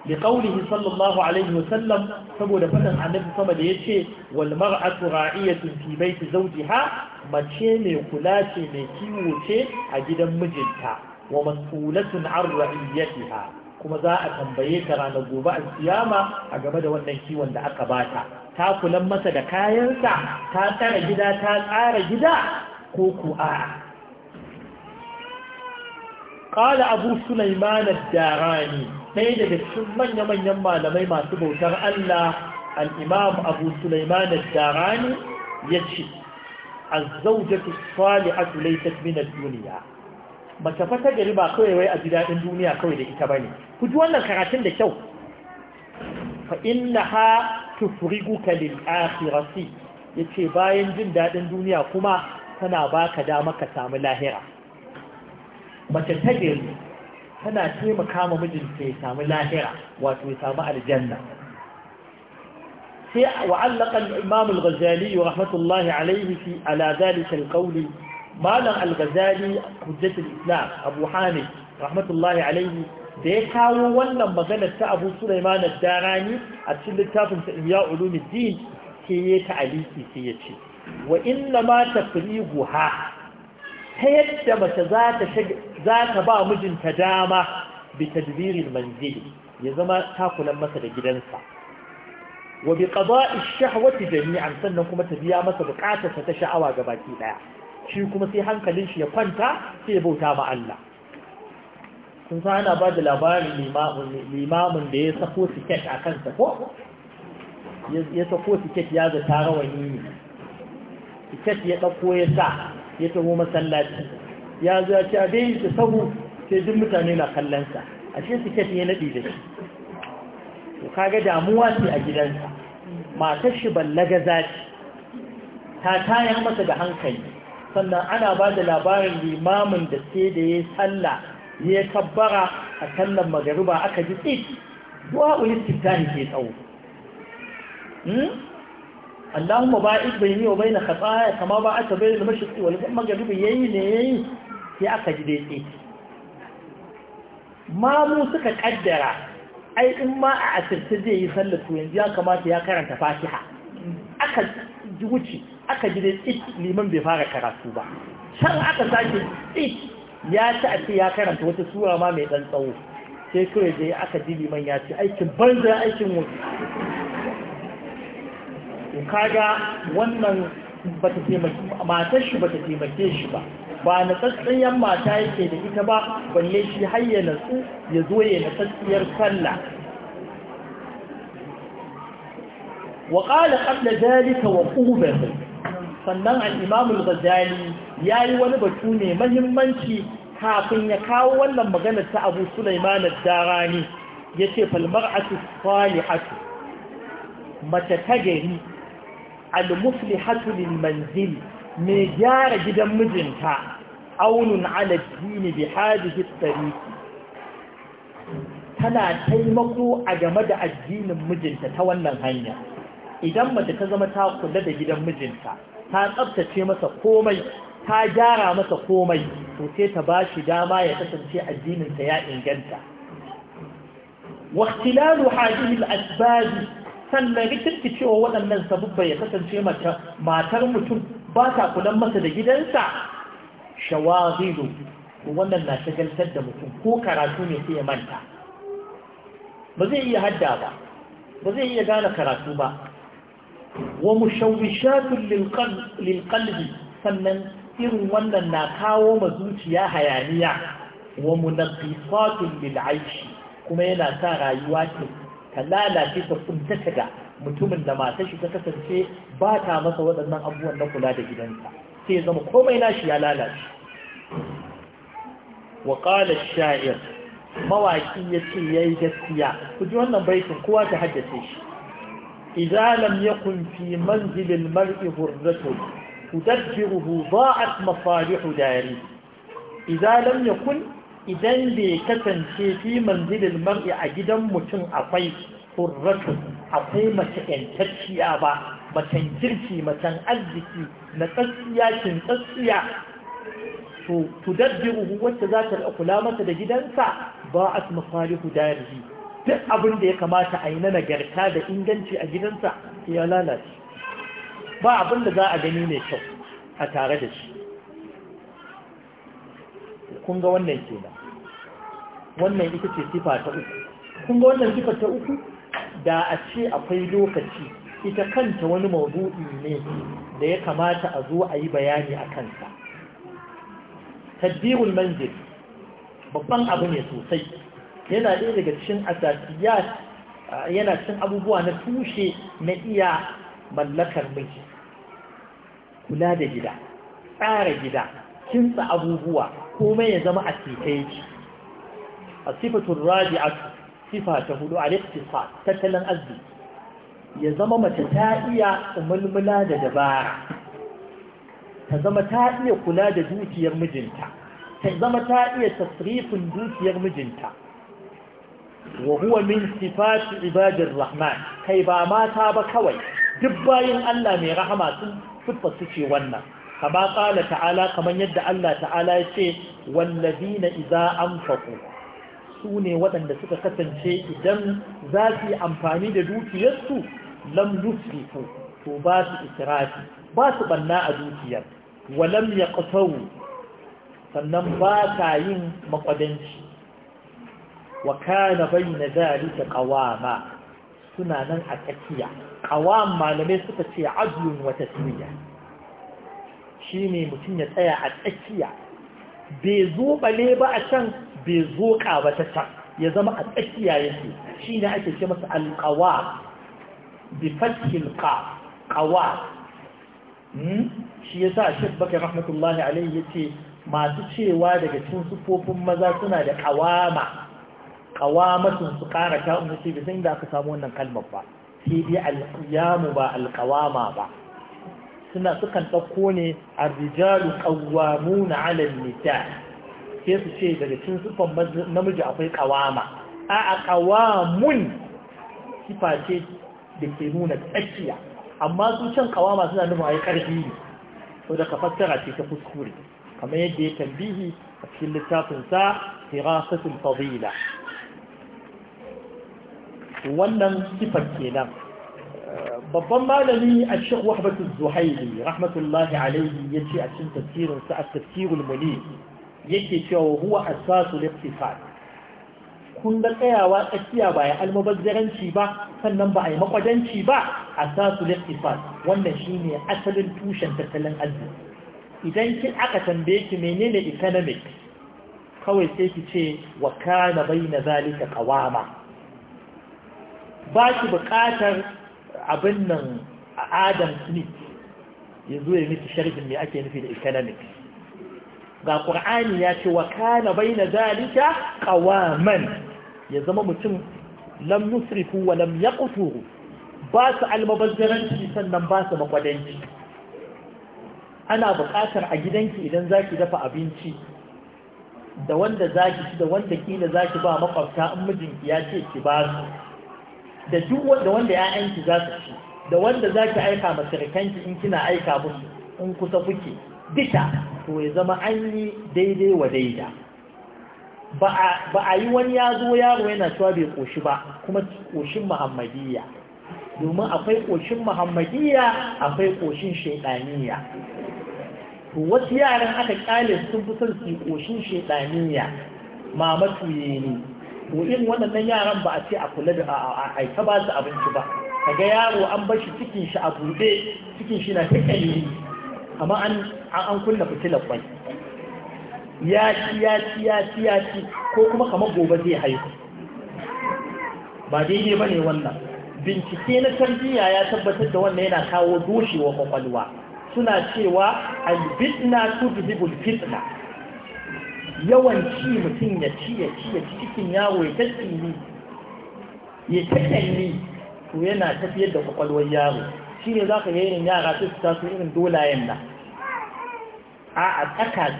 لقوله صلى الله عليه وسلم سبول فتن عن نفس صمد يتشي والمرأة راعية في بيت زوجها ما تشيني كلاشي ميكيوشي أجدا مجلتا ومسؤولة عن رعيتها كما ذا أتنبيت عن الضباء السيامة أجمد والنكي وان دعق باتا ta kulan masa da kayansa ta tsara gida ta tsara gida ko ku ƙala abu sulaimanar darani ɗaya daga cikin manya-manyan malamai masu bautar allah al'imam abu sulaimanar darani ya ce azzaujatu salihatu laysat min ad-dunya mace fa ta gari ba kawai wai a ji daɗin duniya kawai da ita bane ku ji wannan karatun da kyau fa’innaha ta furi gukalin ahirasi ya ce bayan jin daɗin duniya kuma tana baka dama ka samu lahira mace ta gari tana taimaka ma mijinta ya samu lahira wato ya samu aljanna sai wa allakan imamul gazali wa rahmatullahi alaihi fi alazali shalkauli malar algazali hujjatul islam abu hannun rahmatullahi alaihi da ya kawo wannan maganar ta abu sulaiman darani a cikin littafin sa iya din ke ya ta aliki sai ya ce wa inna ma ha? ta yadda mace za ta ba mijinta dama bi tadbiril manzili ya zama takulan masa da gidansa wa bi qada'i shahwati jami'an sannan kuma ta biya masa bukatarsa ta sha'awa baki daya shi kuma sai hankalin shi ya kwanta sai ya bauta ma Allah sun sa ana ba da labarin limamin da ya sako siket a kansa ko ya sako siket ya zata rawani ne siket ya ɗauko ya sa ya taho masallaci ya zo ya dai ta sahu sai jin mutane na kallonsa a ce siket ya naɗi da shi kaga damuwa ce a gidansa matar shi ballaga zaci ta tayar masa da hankali sannan ana ba da labarin limamin da sai da ya sallah ya kabbara a sallan magariba aka ji tsit du'a ne ke tsawo hmm? Allahumma ba'id bayni wa na katsaya kama ba ba'ata mashi tsiwa mashriqi magariba ya yayi ne yayi sai aka ji dai tsit ma mu suka kaddara ai in ma a asirce zai yi sallar to yanzu ya kamata ya karanta fatiha aka ji wuce aka ji dai tsit liman bai fara karatu ba can aka sake tsit ya ci a ce ya karanta wata sura ma mai ɗan tsawo sai kawai da aka jibi man ya ce aikin banza aikin wuce kaga wannan bata matar shi bata taimake shi ba ba na tsatsayen mata yake da ita ba balle shi har ya natsu ya zo ya tsatsiyar sallah wa qala qabla dhalika wa qubahu sannan al'imamul ghazali ya yi wani batu ne mahimmanci kafin ya kawo wannan maganar ta abu sulaiman darani ya ce falmar atu hatu mace ta gari hatu hatulin manzil mai gyara gidan mijinta aunin aladdini bi hajji tsariki tana taimako a game da addinin mijinta ta wannan hanya idan mace ta zama ta kula da gidan mijinta ta tsabtace masa komai ta gyara masa komai to sai ta ba shi dama ya kasance addininsa ya inganta hadhihi al-asbab sannan rikirki cewa waɗannan sabubba ya kasance matar mutum ba ta kulan masa da gidansa shawazidu wannan na shagaltar da mutum ko karatu ne sai ya manta ba zai iya hadda ba ba zai iya gane karatu ba wa mushawwishatun lil qalbi sannan irin wannan na kawo ma zuciya hayaniya wa munaqqisatun lil kuma yana sa rayuwa ce ta lalace ta kuntata ga mutumin da matar shi ta kasance ba ta masa waɗannan abubuwan na kula da gidansa sai ya zama komai nashi ya lalace wa qala shair mawaki yace yayi gaskiya ku ji wannan baitin kowa ta haddace shi إذا لم يكن في منزل المرء هرة تدبره ضاعت مصالح داري إذا لم يكن إذا بكتن في منزل المرء أجدا متن أطيب hurratu akwai mace ‘yantacciya ba, macen kirki, macen arziki, na tsatsiya, kin tsatsiya, to, tudaddiruhu wacce za kula masa da gidansa ba a duk abin da ya kamata a yi na nagarta da inganci a gidansa ya lalace ba abin da za a gani mai kyau a tare da shi kun ga wannan kenan wannan ita ce sifa ta uku kun ga wannan sifa ta uku da a ce akwai lokaci ita kanta wani maudu'i ne da ya kamata a zo a yi bayani a kansa tadbirul manzil babban abu ne sosai yana ɗaya daga cikin asasiyat yana cikin abubuwa na tushe na iya mallakar miji kula da gida tsara gida kinsa abubuwa komai ya zama a sifai a sifatun a sifa ta hudu a liftifa tattalin arziki ya zama mace ta iya mulmula da dabara ta zama ta iya kula da dukiyar mijinta ta zama ta iya tasrifin dukiyar mijinta wa huwa min sifati ibadir rahman kai ba mata ba kawai duk bayin Allah mai rahama sun fitfa suke ce wannan kama kala ta'ala kamar yadda Allah ta'ala ya ce wallazina idza anfaqu su ne waɗanda suka kasance idan za su yi amfani da dukiyarsu lam yusrifu to ba su israfi ba su banna a dukiyar walam yaqtawu sannan ba ta yin makwadanci wa kana bayna zalika qawama suna nan a tsakiya qawam malamai suka ce wata wa tasmiya ne mutum ya tsaya a tsakiya bai zo bale ba a can bai zo ba ta can ya zama a tsakiya yake ne ake ce masa alqawam bi fathil qaf qawam hmm? shi yasa Sheikh baka rahmatullahi alayhi yace masu cewa daga cikin sufofin maza suna da qawama qawamatun su ƙara ta umma sai da aka samu wannan kalmar ba sai dai alqiyamu ba alƙawama ba suna sukan ɗauko ne a rijalu ƙawamuna alal nita sai su ce daga cin sufan namiji akwai ƙawama a a ƙawamun sifa ce da ke nuna tsakiya amma su can ƙawama suna a yi ƙarfi ne sau da ka fassara ce ta kuskure kamar yadda ya tambihi a cikin littafinsa firasatul fadila wannan sifar kenan babban malami a shek wahbatu zuhaili rahmatullahi alaihi ya ce a cikin tafsirinsa a tafsirul muni yake cewa huwa asasu liftifat kun da tsayawa tsakiya ba ya almubazzaranci ba sannan ba a yi makwadanci ba asasu liftifat wannan shine asalin tushen tattalin arziki idan kin aka tambaye ki menene economic kawai sai ki ce wa kana bayna zalika qawama ba shi buƙatar abin nan adam smith ya zo ya miki sharhin mai ake nufi da economics ga ƙur'ani ya ce wa kana bai na zalika ƙawaman ya zama mutum lam nusrifu wa lam ya ba su almabazzaranci sannan ba su makwadanci ana buƙatar a gidanki idan za ki dafa abinci da wanda za ki ci da wanda kila za ki ba makwabta in mijinki ya ce ki ba su da duk wanda wanda ‘ya'yanki za su ci da wanda za ki aika masarikanki in kina aika musu in kusa kuke duka to ya zama an yi daidai wa daida ba a yi wani ya zo yaro yana cewa bai ƙoshi ba kuma koshin muhammadiyya domin akwai ƙoshin muhammadiyya akwai ƙoshin shaidaniya to wasu yaran aka ƙyale sun fi son su yi ƙoshin shaidaniya mama ne to in waɗannan yaran ba a ce a kula da a ta ba su abinci ba kaga yaro an bar shi cikin shi a buɗe cikin shi na yi amma an an kunna fitilar kwai ya ci ya ci ya ci ya ci ko kuma kamar gobe zai haihu ba daidai bane wannan bincike na tarbiyya ya tabbatar da wannan yana kawo doshewa kwakwalwa suna cewa albitna tudhibul fitna yawan ci mutum ya ci ya ci ya ci cikin yawo ya tattini ya tattini to yana tafiyar da kwakwalwar yaro shi ne za ka yayin yara su taso irin dolayen nan a a tsaka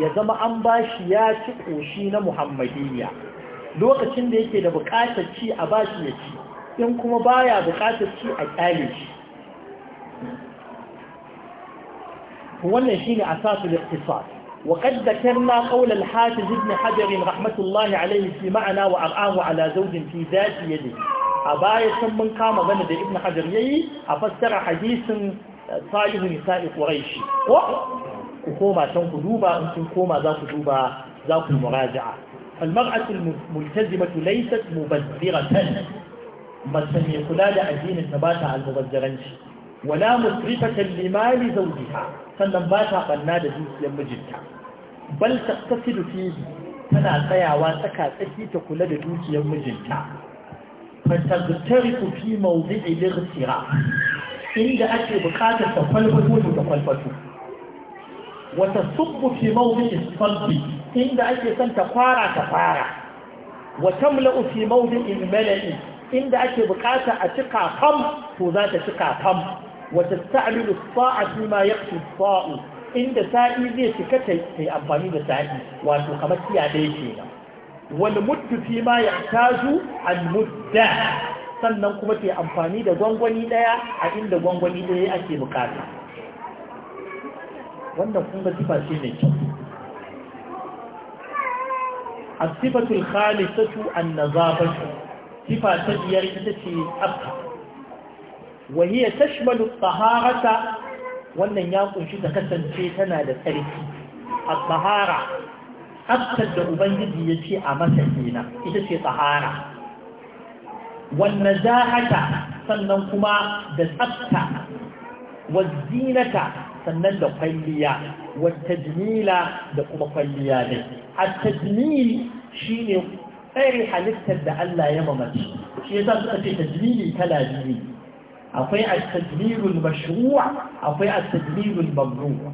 ya zama an ba shi ya ci ƙoshi na muhammadiyya lokacin da yake da buƙatar ci a ba shi ya ci in kuma baya buƙatar ci a ƙyale shi wannan shi ne a sasu da وقد ذكرنا قول الحافظ ابن حجر رحمة الله عليه في معنى وأرآه على زوج في ذات يده أباية من قام بند ابن حجر يي أفسر حديث صالح نساء قريش وكوما تنقدوبا أنتم كوما ذاك دوبا ذاك المراجعة المرأة الملتزمة ليست مبذرة مثل يقول هذا الدين النبات على المبذرنش ولا مسرفة لمال زوجها sannan ba ta ɓanna da dukiyar mijinta bal ta tafi fihi tana tsayawa tsaka tsaki ta kula da dukiyar mijinta fatagtariku fi mawdi'i lirsira inda ake bukatar ta kwalfato ta kwalfato wata subbu fi mawdi'i sabbi inda ake son ta fara ta fara wata mla'u fi mawdi'i mala'i inda ake bukatar a cika kam to za ta cika kam وتستعمل الطاعة فيما يقصد الطاع inda sa'i zai cika kai amfani da sa'i wato kamar tiya dai kenan wal muddu fi ma yahtaju al sannan kuma ta amfani da gwangwani daya a inda gwangwani daya ake bukata wannan kun ga sifa ce ne kyau A sifatu al an-nazafatu sifa ta biyar ta ce tsabta. wa ya tashmalu taharata wannan ya kunshi ta kasance tana da tsarki A tsahara, tsaftar da ubangiji ya ce a masa kenan ita ce tsahara wannan zahata sannan kuma da tsafta wazinata sannan da kwalliya wata jimila da kuma kwalliya ne a tajmil shi ne tsari halittar da Allah ya mamaci shi ya za su ce tajmili kala biyu akwai at-tadbirul mashru' akwai at-tadbirul mamnu'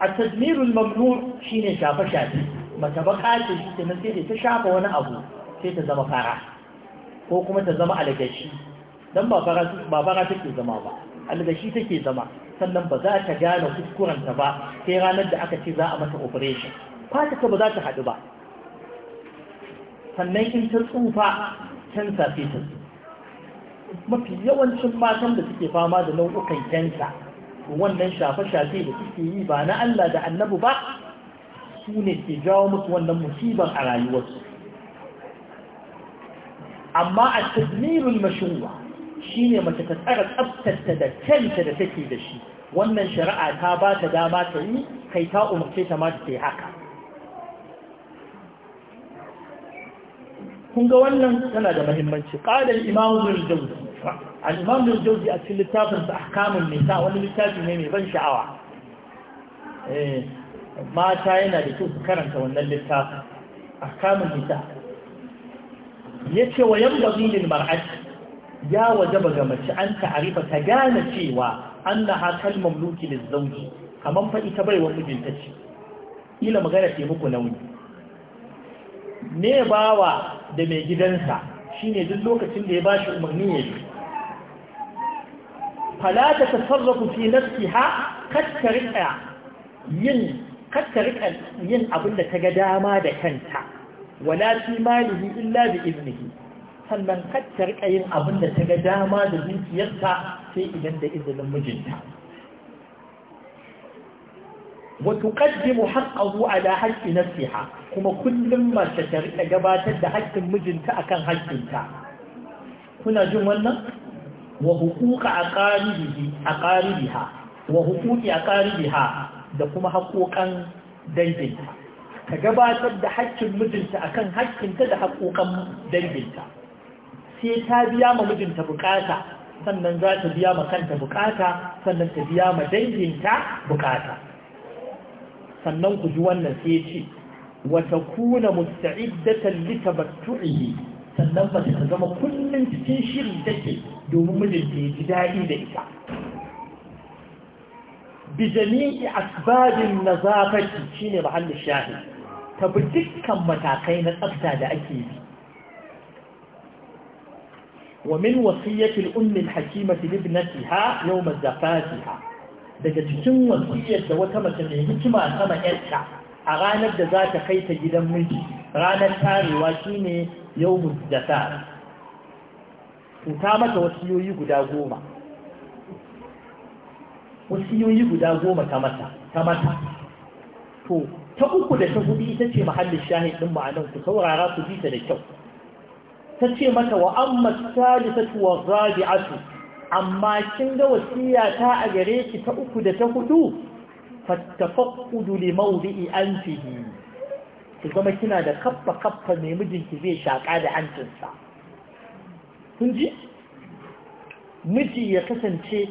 at-tadbirul mamnu' shine shafa shafi mata baka ce shi ta sai ta shafa wani abu sai ta zama fara ko kuma ta zama alagashi dan ba fara ba fara take zama ba algashi take zama sannan ba za ta gane kuskurenta ba sai ranar da aka ce za a mata operation fatata ba za ta haɗu ba sannan in ta tsufa can safe ta mafi yawancin matan da suke fama da nau'ukan kyansa wannan shafe-shafe da suke yi ba na Allah da annabu ba su ne ke jawo musu wannan musibar a rayuwarsu amma a tazmirul Mashinwa, shi ne mace ta tsara tsabtata da kyanta da take da shi wannan shari'a ta ba ta dama ta yi kai ta umarce ta ma ta yi haka kun ga wannan tana da mahimmanci ƙadar imamu zuwa ba al-imam a cikin littafin sa ahkamun nisa wani littafi ne mai ban sha'awa eh, mata yana da kyau su karanta wannan littafin ahkamun nisa wa 'yan lil mar'ati ya ba ga mace an ta'arifa ta gane cewa annaha kalmar mamluki lizauji kamar faɗi ta baiwa mijinta ce ila magana ce muku nauyi ne bawa da mai gidansa shine duk lokacin da ya bashi umarni ya yi falata ta sarrafa fi nafsiha kattarika yin kattarika yin abinda ta ga dama da kanta wala fi malihi illa bi iznihi sannan kattarika yin abunda ta ga dama da zuciyarta sai idan da izinin mijinta wa tuqaddimu haqqahu ala haqqi nafsiha kuma kullum ma ta riƙa gabatar da haƙƙin mijinta akan haƙƙinta kuna jin wannan wa hukuka aqaribiha wa hukuki da kuma haƙoƙan danginta ka gabatar da haƙƙin mijinta akan haƙƙinta da haƙoƙan danginta sai ta biya ma mijinta bukata sannan za ta biya ma kanta bukata sannan ta biya ma danginta bukata sannan ku ji wannan sai ce wata kuna musta'iddatan li sannan ba ta zama kullum cikin shiri take domin mijinta ya ji daɗi da ita bijami'i asbabin nazafati shine mahallin shahi ta bi dukkan matakai na tsafta da ake bi wa min wasiyyatil ummi al-hakimati li ibnatiha yawm az-zafatiha daga cikin wasiyyar da wata mace mai hikima sama yarta a ranar da za ta kai ta gidan miji ranar tarewa shine yawmud dasa to ta mata wasiyoyi guda goma wasiyoyi guda goma ta mata ta mata to ta uku da ta hudu ita ce mahallin shahid din ma'anan ku saurara ku ji ta da kyau ta ce mata wa amma salisatu wa asu. amma kin ga wasiya ta a gare ki ta uku da ta hudu fattafaqudu li mawdi'i anfihi ki zama kina da kaffa kaffa mai mijinki zai shaƙa da hancinsa kun ji miji ya kasance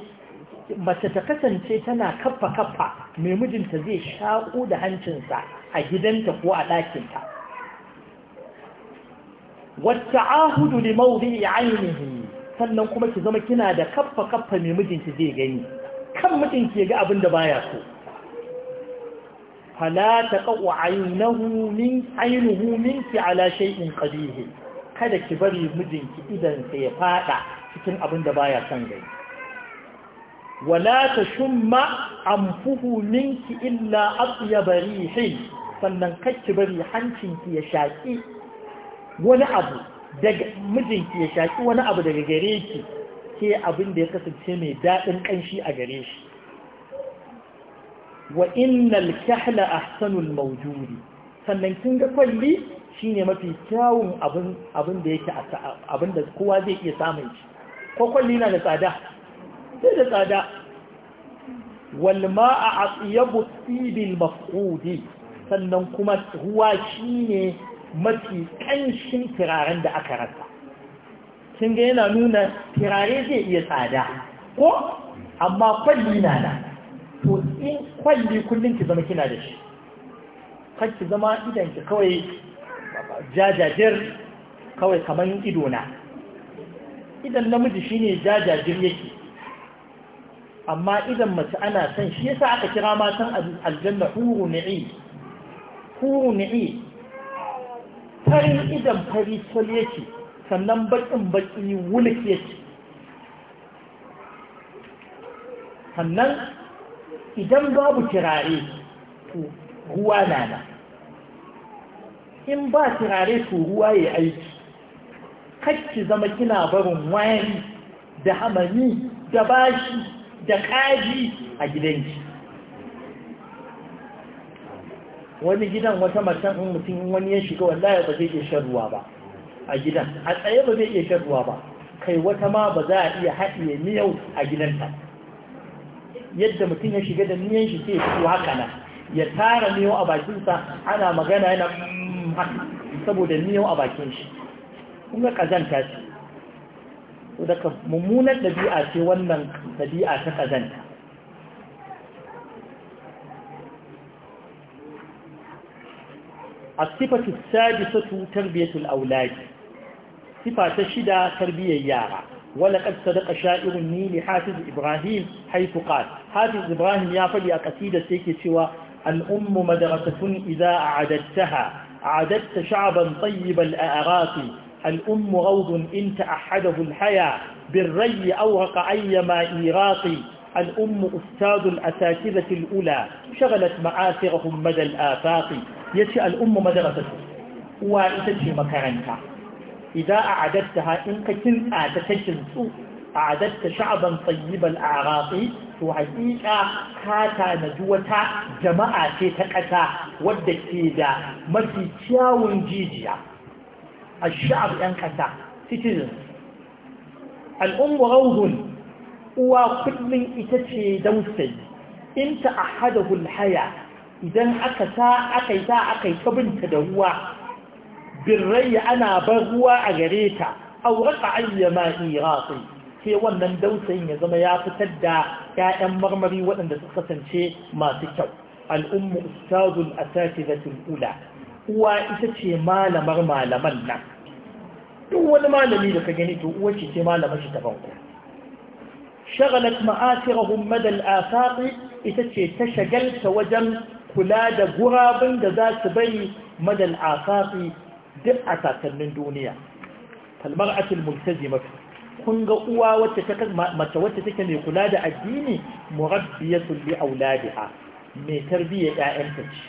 mace ta kasance tana kaffa kaffa mai mijinta zai shaƙo da hancinsa a gidanta ko a ɗakinta wata ahudu da mauri ainihi sannan kuma ki zama kina da kaffa kaffa mai mijinki zai gani kan mijinki ya ga abin da baya so fala taqwa aynahu min aynuhu minki على شيء qadih kada ki bari mijinki idan sai ya fada cikin abin da baya son gani wala ta shumma amfuhu minki illa atyab rihin sannan kacci bari hancinki ya shaki wani abu daga mijinki ya shaki wani abu daga gareki ke abin da ya kasance mai daɗin kanshi a gare shi wa innal kahla ahsanul mawjudi sannan kin ga kwalli shine mafi kyawun abin abin da yake abin da kowa zai iya samun shi ko kwalli na da tsada sai da tsada wal ma'a atyabu tibil mafqudi sannan kuma ruwa shine mafi kanshin turaren da aka rasa kin ga yana nuna tirare zai iya tsada ko amma kwalli na da. to in kwalli kullum ki zama kina da shi kar ki zama idan ki kawai jajajir kawai kamar ido na idan namiji shine jajajir yake amma idan mace ana son shi yasa aka kira matan aljanna huru ni'i huru ni'i farin idan fari sol yake sannan bakin baki wulk yake sannan idan babu turare to ruwa na na in ba turare to ruwa ya aiki kacci zama kina barin wayani da hamani da bashi da kaji a gidanki wani gidan wata matan in mutum wani ya shiga wallahi ba zai iya shan ruwa ba a gidan a tsaye ba zai iya shan ruwa ba kai wata ma ba za a iya haɗiye yau a gidanta yadda mutum ya shiga da niyan shi sai ya fito haka na ya tara miyo a bakinsa ana magana yana mm, haka saboda miyo a bakin shi kun ga kazanta ce to daga mummunar dabi'a ce wannan dabi'a ta kazanta A الصفة السادسة تربية sifa ta shida tarbiyyar yara. ولقد صدق شاعر النيل حافظ إبراهيم حيث قال حافظ إبراهيم يافلي قصيدة سيكي سوى الأم مدرسة إذا أعددتها أعددت شعبا طيب الأأراك الأم روض إن تأحده الحيا بالري أورق أيما إيراقي الأم أستاذ الأساتذة الأولى شغلت معاثرهم مدى الآفاق يشأ الأم مدرسة وإتشي مكانها idan a adatta ha in ka kintsa ta ta kintsu a adatta sha'aban tsayyibal arafi to haƙiƙa ka tanaji wata jama'a ce ta ƙasa wadda ke da mafi kyawun jijiya a sha'ab ɗan ƙasa citizens al'ummu raudun uwa kullum ita ce dausayi in ta ahadahul haya idan aka sa aka yi aka yi ta binta da ruwa birrai ana bar ruwa a gare ta au raka ayyama iraqi sai wannan dausayin ya zama ya fitar da 'ya'yan marmari waɗanda suka kasance masu kyau al'ummu ustazul asatizatul ula uwa ita ce malamar malaman nan duk wani malami da ka gani to uwa ce ce malamar shi ta farko shagalat ma'asirahum madal asaqi ita ce ta shagalta wajen kula da gurabin da za su bari madal asaqi duk a sasannin duniya kalmar asil multaji mafi kun ga uwa wacce ta mace wacce take mai kula da addini murabbiyatul li auladiha mai tarbiyya ƴaƴanta ce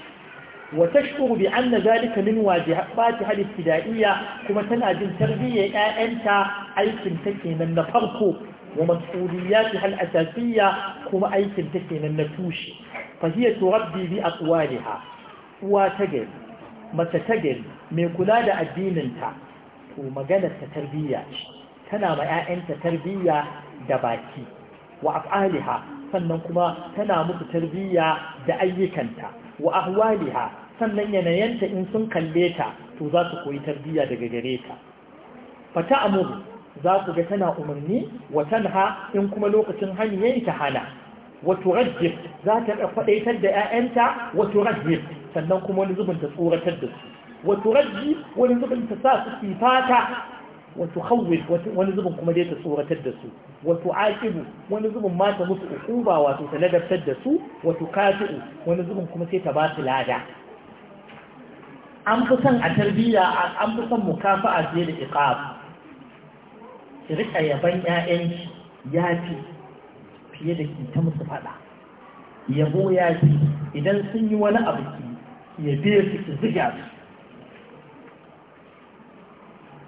wa tashkuru bi anna zalika min wajibati hal ibtidaiya kuma tana jin tarbiyyar ƴaƴanta aikin ta kenan na farko wa mas'uliyati hal asasiyya kuma aikin ta kenan na tushe fa hiya turabbi bi aqwaliha uwa ta gari mace ta gari mai kula da addininta to maganar ta tarbiyya tana ma 'ya'yanta tarbiyya da baki wa af'aliha sannan kuma tana musu tarbiyya da ayyukanta wa ahwaliha sannan yanayanta in sun kalle ta to za su koyi tarbiyya daga gare ta fata amuru za ku ga tana umarni wa tanha in kuma lokacin hanyoyin ta hana wa turajjib za ta faɗaitar da 'ya'yanta wa turajjib sannan kuma wani zubin ta tsoratar da su wato raji wani zubin ta sa su fata wato hauwe wani zubin kuma dai ta tsoratar da su wato aqibu wani zubin ma ta musu ukuba wato ta ladabtar da su wato kafi'u wani zubin kuma sai ta ba su lada an fi son a tarbiyya an fi son mukafa'a fiye da iqab ki rika yaban ƴaƴan ya fi fiye da ki ta musu fada yabo ya fi idan sun yi wani abu ki ya biya su su ziga su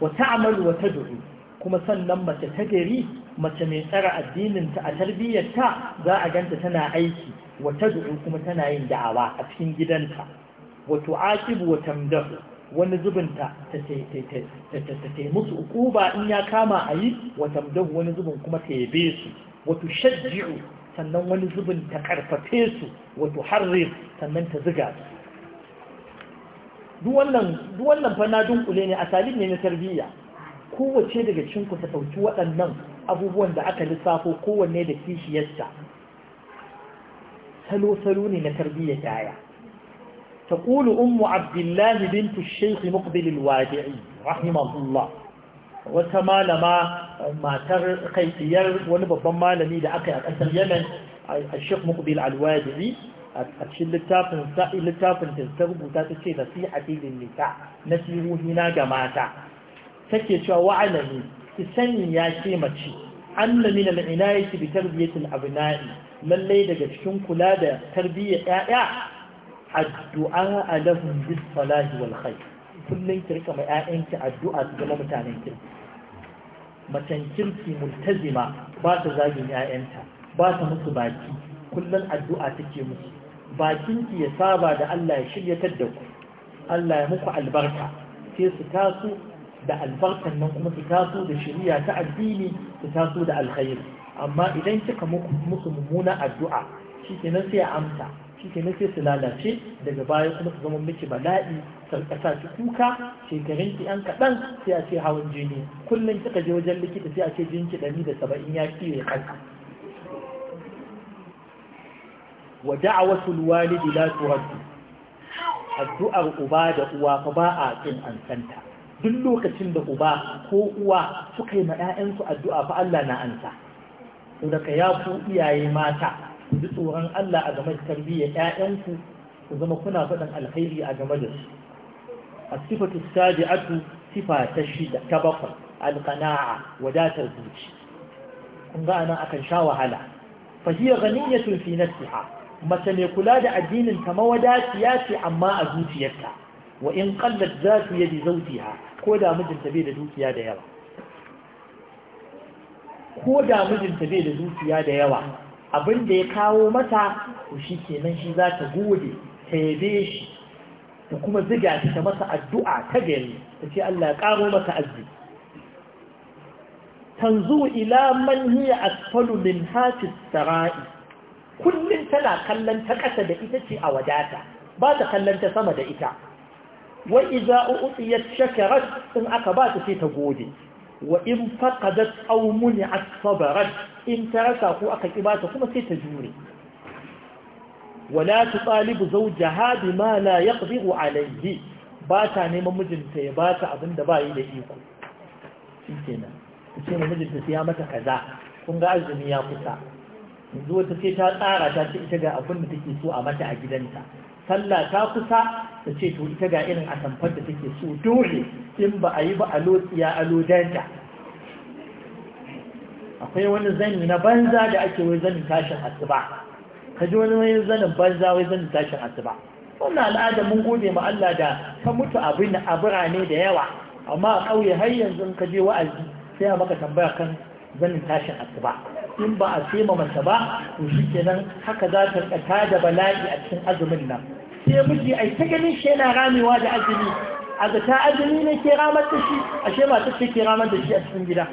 wata amalu wata du'u kuma sannan mace ta gari mace mai tsara addininta a tarbiyyarta za a ganta tana aiki wata du'u kuma tana yin da'awa a cikin gidanta wato akibu wa tamdahu wani zubinta ta ta musu ukuba in ya kama a yi wa tamdahu wani zubin kuma ta yabe su wato shajji'u sannan wani zubin ta karfafe su wato harrir sannan ta ziga su duk wannan fana dunkule ne a talib ne na tarbiyya kowace daga cinku ta sauki waɗannan abubuwan da aka lissafo kowanne da kishiyarsa salo-salo ne na tarbiyya daya ta ƙulu umu abdullahi bin tushenki muƙbilin wadi'i rahimahullah wata malama matar kai wani babban malami da aka yi a ƙasar yamen a shek muƙbil alwadi'i a cikin littafin littafin da ta rubuta ta ce nasihati lin nisa nasihuhi na ga mata take cewa wa'alami ki sani ya ce mace anna min ina inayati bi tarbiyati al-abna'i lalle daga cikin kula da tarbiyyar ƴaƴa addu'a lahum bis salahi wal khair kullun ki rika ma ƴaƴanki addu'a su mutanen kirki macen kirki multazima ba ta zagin ƴaƴanta ba ta musu baki kullun addu'a take musu bakinki ya saba da Allah ya shiryatar da ku Allah ya muku albarka sai su taso da albarkan nan kuma su taso da shiriya ta addini su taso da alkhairi amma idan kika musu mummuna addu'a shikenan sai ya amsa shikenan sai su lalace daga baya kuma su zama miki bala'i sarkasa ki kuka shekarun ki yan kaɗan sai a ce hawan jini kullum kika je wajen likita sai a ce jinki ɗari da saba'in ya kiwe kanka wa da'awatul walidi la turaddu addu'ar uba da uwa fa ba a kin an santa duk lokacin da uba ko uwa suka yi ma 'ya'yansu addu'a fa Allah na ansa daga ya ku iyaye mata ku ji tsoron Allah a game da tarbiyyar ƴaƴanku ku zama kuna faɗin alkhairi a game da su as-sifatu sabi'atu sifa ta shida ta bakwai al wadatar zuci kun ga anan akan sha wahala fa hiya ghaniyatun fi nafsiha mace mai kula da addinin ta mawadaciya ce amma a zuciyarta wa in qallat zatu yadi zawjiha ko da mijinta bai da zuciya da yawa ko da mijinta bai da zuciya da yawa abin da ya kawo mata to shi kenan shi za ta gode ta yabe shi ta kuma ziga ta masa addu'a ta gari ta ce Allah ya karo mata azzi tanzu ila man hiya asfalu min hatis sara'i kullum tana kallon ta ƙasa da ita ce a wadata ba ta kallon ta sama da ita wa iza uqiyat shakarat in aka ba ta sai ta gode wa in faqadat aw muni'at sabarat in taraka ko aka kibata kuma sai ta jure wala tutalibu zawjaha bima la yaqdiru alayhi ba ta neman mijinta ya ba ta abinda da ba yi da iko shi ce mijinta sai ya mata kaza kun ga azumi ya kusa yanzu wata ce ta tsara ta ce ita ga abin da take so a mata a gidanta sallah ta kusa ta ce to ita ga irin atamfar da take so dole in ba a yi ba a lotsiya a lodanta akwai wani zani na banza da ake wai zanin tashin asuba ka ji wani wani zanin banza wai zanin tashin asuba wannan al'ada mun gode ma Allah da ta mutu abin a birane da yawa amma a ƙauye har yanzu ka je wa'azi sai a maka tambaya kan zanin tashin asuba in ba a sema mace ba to shi kenan haka za ta tsaka da bala'i a cikin azumin nan sai miji ai ta ganin shi yana ramewa da azumi a ga ta azumi ne ke ramar da shi ashe ma ce ke ramar da shi a cikin gida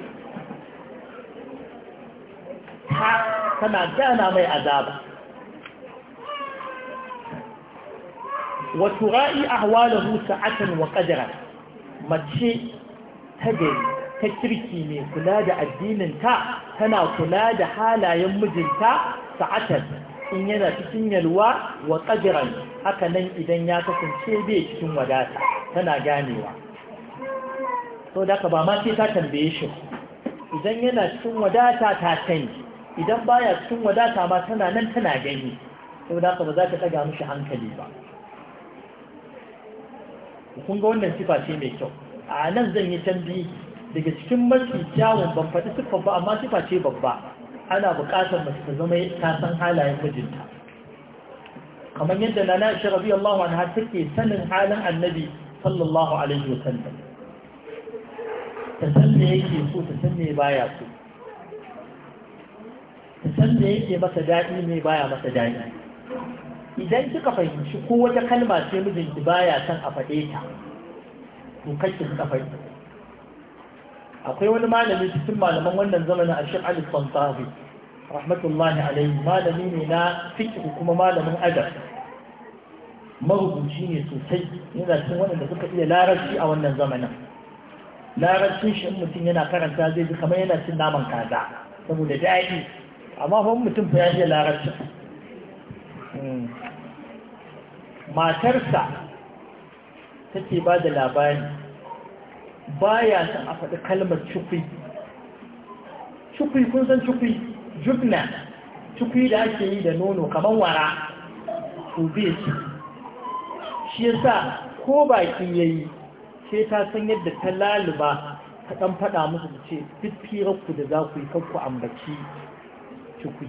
ta tana gana mai azaba wa tura'i ahwalahu sa'atan wa qadara mace ta gari ta kirki ne kula da addininta tana kula da halayen mijinta sa'atar in yana cikin yalwa wa ƙajiran haka nan idan ya kasance bai cikin wadata tana ganewa so da ka ba ma sai ta tambaye shi idan yana cikin wadata ta sani idan baya cikin wadata ma tana nan tana gani so da ka ba za ta ɗaga mishi hankali ba kun ga wannan sifa ce mai kyau a nan zan yi tambayi daga cikin mafi kyawun ban faɗi siffar ba amma siffa ce babba ana buƙatar mace ta zama ta san halayen mijinta kamar yadda na na shi rabi Allah wani har ke sanin halin annabi sallallahu alaihi wa sallam ta san me yake so ta san me baya so ta san me yake masa daɗi me baya masa daɗi idan kika fahimci ko wata kalma ce mijinki baya son a faɗe ta to kake kika fahimci akwai wani malami cikin malaman wannan zamanin a shi Ali Santafi rahmatullahi alaihi malami ne na fiki kuma malamin adab marubuci ne sosai yana cikin waɗanda suka iya larabci a wannan zamanin larabcin shi mutum yana karanta zai ji kamar yana cin naman kaza saboda daɗi amma fa mutum fa ya iya larabci hmm. matarsa take ba da labari baya san a faɗi kalmar cukwi cukwi kun san cukwi jubna cukwi da ake yi da nono kamar wara su bai su. shi yasa ko baki yayi sai ta san yadda ta laluba ta ɗan faɗa musu da ce fiffirarku da za ku yi kanku ambaci cukwi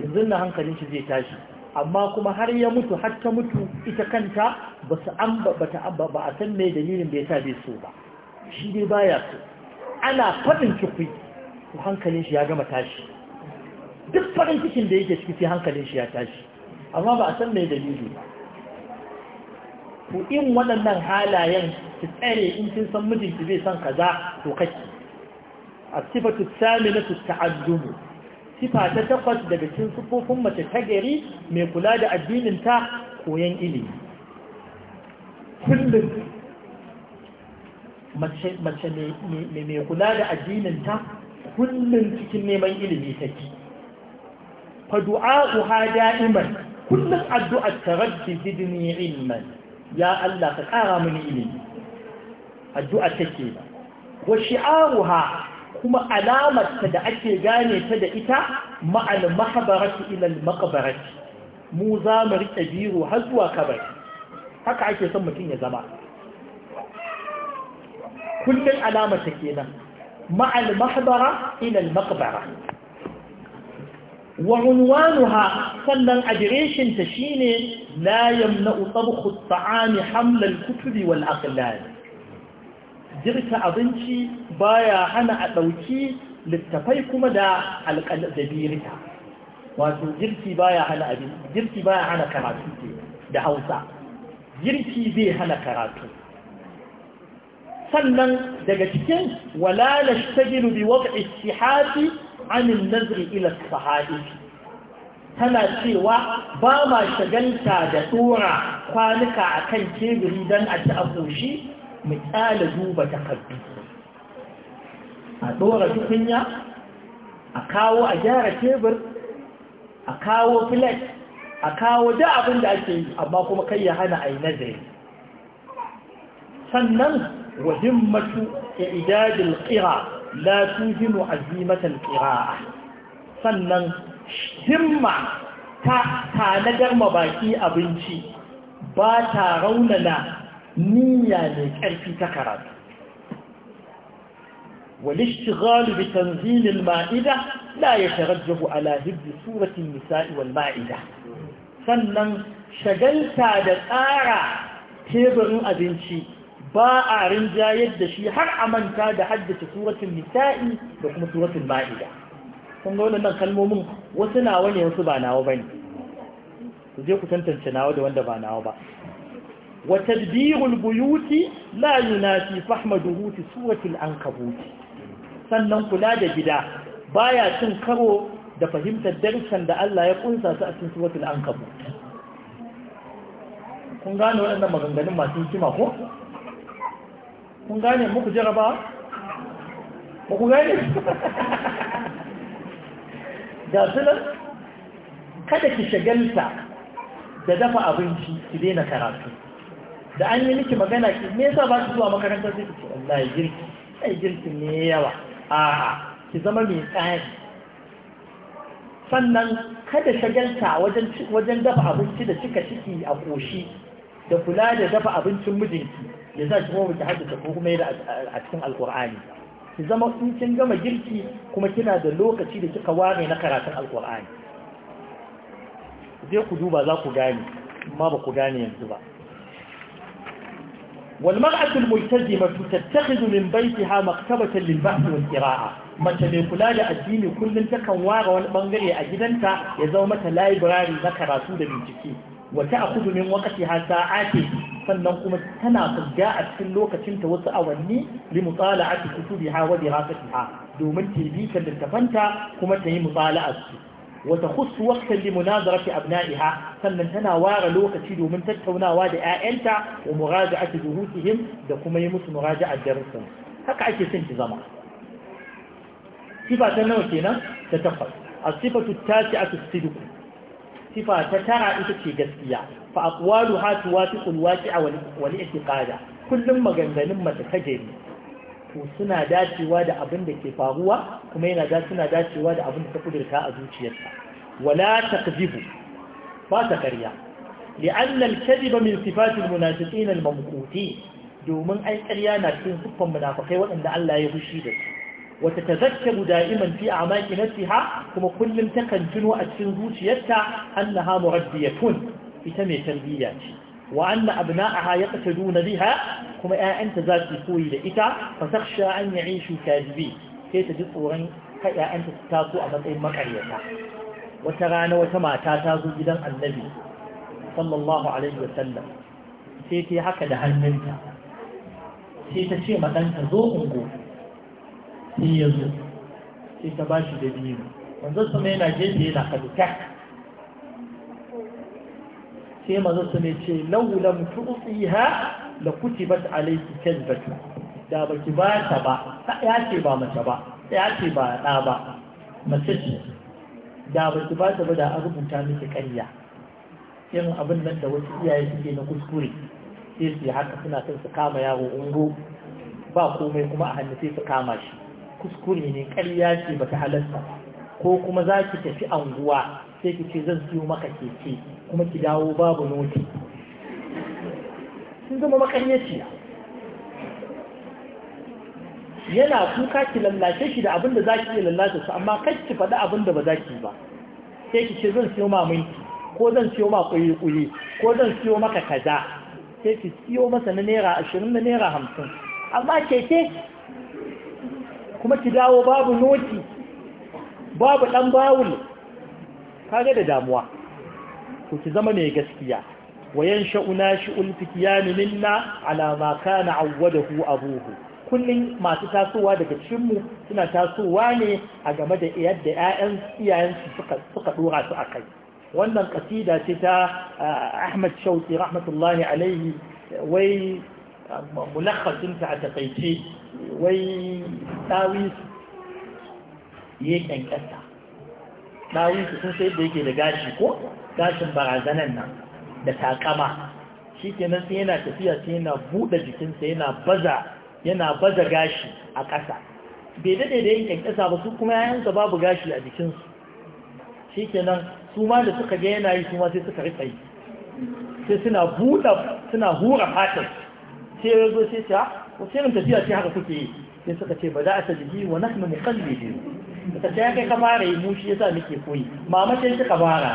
yanzu na hankalin shi zai tashi amma kuma har ya mutu har ta mutu ita kanta ba su ta ba a san mai dalilin da ya sa bai so ba shi dai baya so ana faɗin cikwi su hankalin shi ya gama tashi duk farin cikin da yake ciki sai hankalin shi ya tashi amma ba a san mai dalili ba Ku in waɗannan halayen su tsere in kin san mijinki zai san kaza to kake a sifatu as-saminatu ta'addumu sifa ta takwas daga cikin sifofin mace ta gari mai kula da addinin ta koyan ilimi kullum mace mai kula da ta kullum cikin neman ilimi take fa du'a'uha da'iman kullum Addu'a ta rabbi zidni ilman ya Allah ka kara mini ilimi addu'a take wa shi'aruha kuma alamarta da ake gane ta da ita ma'al mahabarati ila al-maqbarati mu za mu rike biro har zuwa kabari haka ake son mutum ya zama kullum alamata kenan ma'al mahdara ila al-maqbara wa unwanuha sannan adireshin ta shine la yamna'u tabkhu at-ta'ami hamla al-kutubi wal aqlal jirka abinci baya hana a ɗauki littafai kuma da alƙalabirita wato jirki baya hana abin jirki baya hana karatu da Hausa jirki bai hana karatu sannan daga cikin wala ta bi wata istihati an an-nazr ila tana cewa ba ma shagalta da tsora kwanuka a kan teburi dan a ci a koshi mu tsala duba takardu a dora tukunya a kawo a gyara tebur a kawo filet a kawo da abin da ake yi amma kuma kai ya hana a yi nazari sannan وهمه ايجاد القراء لا توهن عزيمه القراءه sannan jimma ta tanadar baki abinci ba ta raunana niyya mai ƙarfi ta karatu walishtighal bi tanzil al-ma'ida la yatarajjahu ala hibbi surati nisa'i wal ma'ida sannan shagalta da tsara teburin abinci ba a rinjayar da shi har a manta da haddace suratun nisa'i da kuma suratun ma'ida kun ga wannan kalmomin wasu nawa ne wasu ba nawa bane ku je ku tantance nawa da wanda ba nawa ba wa tadbirul buyuti la yunafi fahmaduhu fi suratul ankabut sannan kula da gida baya cin karo da fahimtar darsan da Allah ya kunsa su a cikin suratul ankabut kun gane waɗannan maganganun masu hikima ko kun gane muku jaraba ba ku gane da sunan kada ki shagalta da dafa abinci ki daina karatu da an yi miki magana ki me yasa ba ki zuwa makarantar zai ki ya girki sai girki ne yawa a ki zama mai tsari sannan kada shagalta wajen wajen dafa abinci da cika ciki a koshi da kula da dafa abincin mijinki ya sa shi kuma wata haddasa ko kuma yana a cikin alkur'ani ki zama in kin gama girki kuma kina da lokaci da kika ware na karatun alkur'ani zai ku duba za ku gane amma ba ku gane yanzu ba والمرأة الملتزمة تتخذ من بيتها مكتبة للبحث والقراءة mace mai kula da addini kullum takan ware wani bangare a gidanta ya zama mata library na karatu da bincike wata a kudu min wakati ha sa'ati sannan kuma tana fidda a cikin lokacinta wasu awanni li mutsala a kutubi ha wa dirasati ha domin ta bi ta littafanta kuma ta yi mutsala a su wata khusu waqtan li munazarati abna'iha sannan tana ware lokaci domin tattaunawa da 'ya'yanta wa muraja'ati duhutihim da kuma yi musu muraja'ar darussan haka ake son ki zama sifa ta nawa kenan ta takwas a sifatu tasi'atu sidq sifa ta tara ita ce gaskiya fa aqwalu ha tuwafiqul waqi'a wal i'tiqada kullum maganganun mata ta gari to suna dacewa da abin da ke faruwa kuma yana da suna dacewa da abin da ta kudurta a zuciyarta. wala takzibu ba ta karya لأن الكذب من صفات المنافقين الممقوتين domin ai ƙarya na cikin siffan munafakai waɗanda Allah ya fushi da su wata ta zarce guda iman a maki na kuma kullum takan kan a cikin zuciyarta an na ita mai tarbiyya ce wa abu na a haya ta tudu na liha kuma ‘ya’yanta za su koyi da ita ba sa an yi aishu kajibi sai ta ji tsoron ka ‘ya’yanta su a matsayin makaryata wata rana wata mata ta zo gidan annabi sallallahu alaihi wa sallam sai ta yi haka da hannunta sai ta ce matsanta zo in sai yanzu zo sai ta ba shi da biyu manzo sama yana gefe yana kaduka sai manzo su ce lau lam tu'tiha la kutibat alayki kalbatu da baki ba ta ba ya ce ba mace ba ya ce ba da ba mace ce da baki ba ta ba da an rubuta miki ƙarya irin abin nan da wasu iyaye suke na kuskure sai su haka suna son su kama yaro ungo ba komai kuma a hannu sai su kama shi kuskure ne ƙarya ce ba ta halarta ko kuma za ki tafi anguwa sai ki ce zan siyo maka keke kuma ki dawo babu noti sun zama makaryaciya yana kuka ki lallace shi da abin da za ki iya lallace su amma kai ki faɗi abin da ba za ki ba sai ki ce zan siyo ma minti ko zan siyo ma kuyi ko zan siyo maka kaza sai ki siyo masa na naira ashirin na naira hamsin amma keke kuma ki dawo babu noti babu ɗan bawul kage da damuwa to ki zama mai gaskiya wayan sha'una shi'ul fikiyani minna ala ma kana awwadahu abuhu kullin masu tasowa daga cikin mu suna tasowa ne a game da yadda ƴaƴan iyayensu suka suka dora su akai wannan kasida ce ta ah, Ahmad Shauki rahmatullahi alaihi wai mulakhasinta a takaice wai ɗawisu ya ƙyanƙyasta ɗawisu sun sai da yake da gashi ko gashin barazanan nan da takama shi kenan sai yana tafiya sai yana buɗe jikinsa yana baza yana baza gashi a ƙasa bai daɗe da yin ƙyanƙyasa ba su kuma yayansa babu gashi a jikinsu shi kenan su ma da suka ga yana yi su ma sai suka riƙa yi sai suna buɗe suna hura fatar sai ya zo sai ta wasu irin tafiya ce haka kuke yi sai suka ce ba za a ta jiki wa nahnu muqallidin suka ce kai ka fara yi mu shi yasa nake koyi mama sai suka fara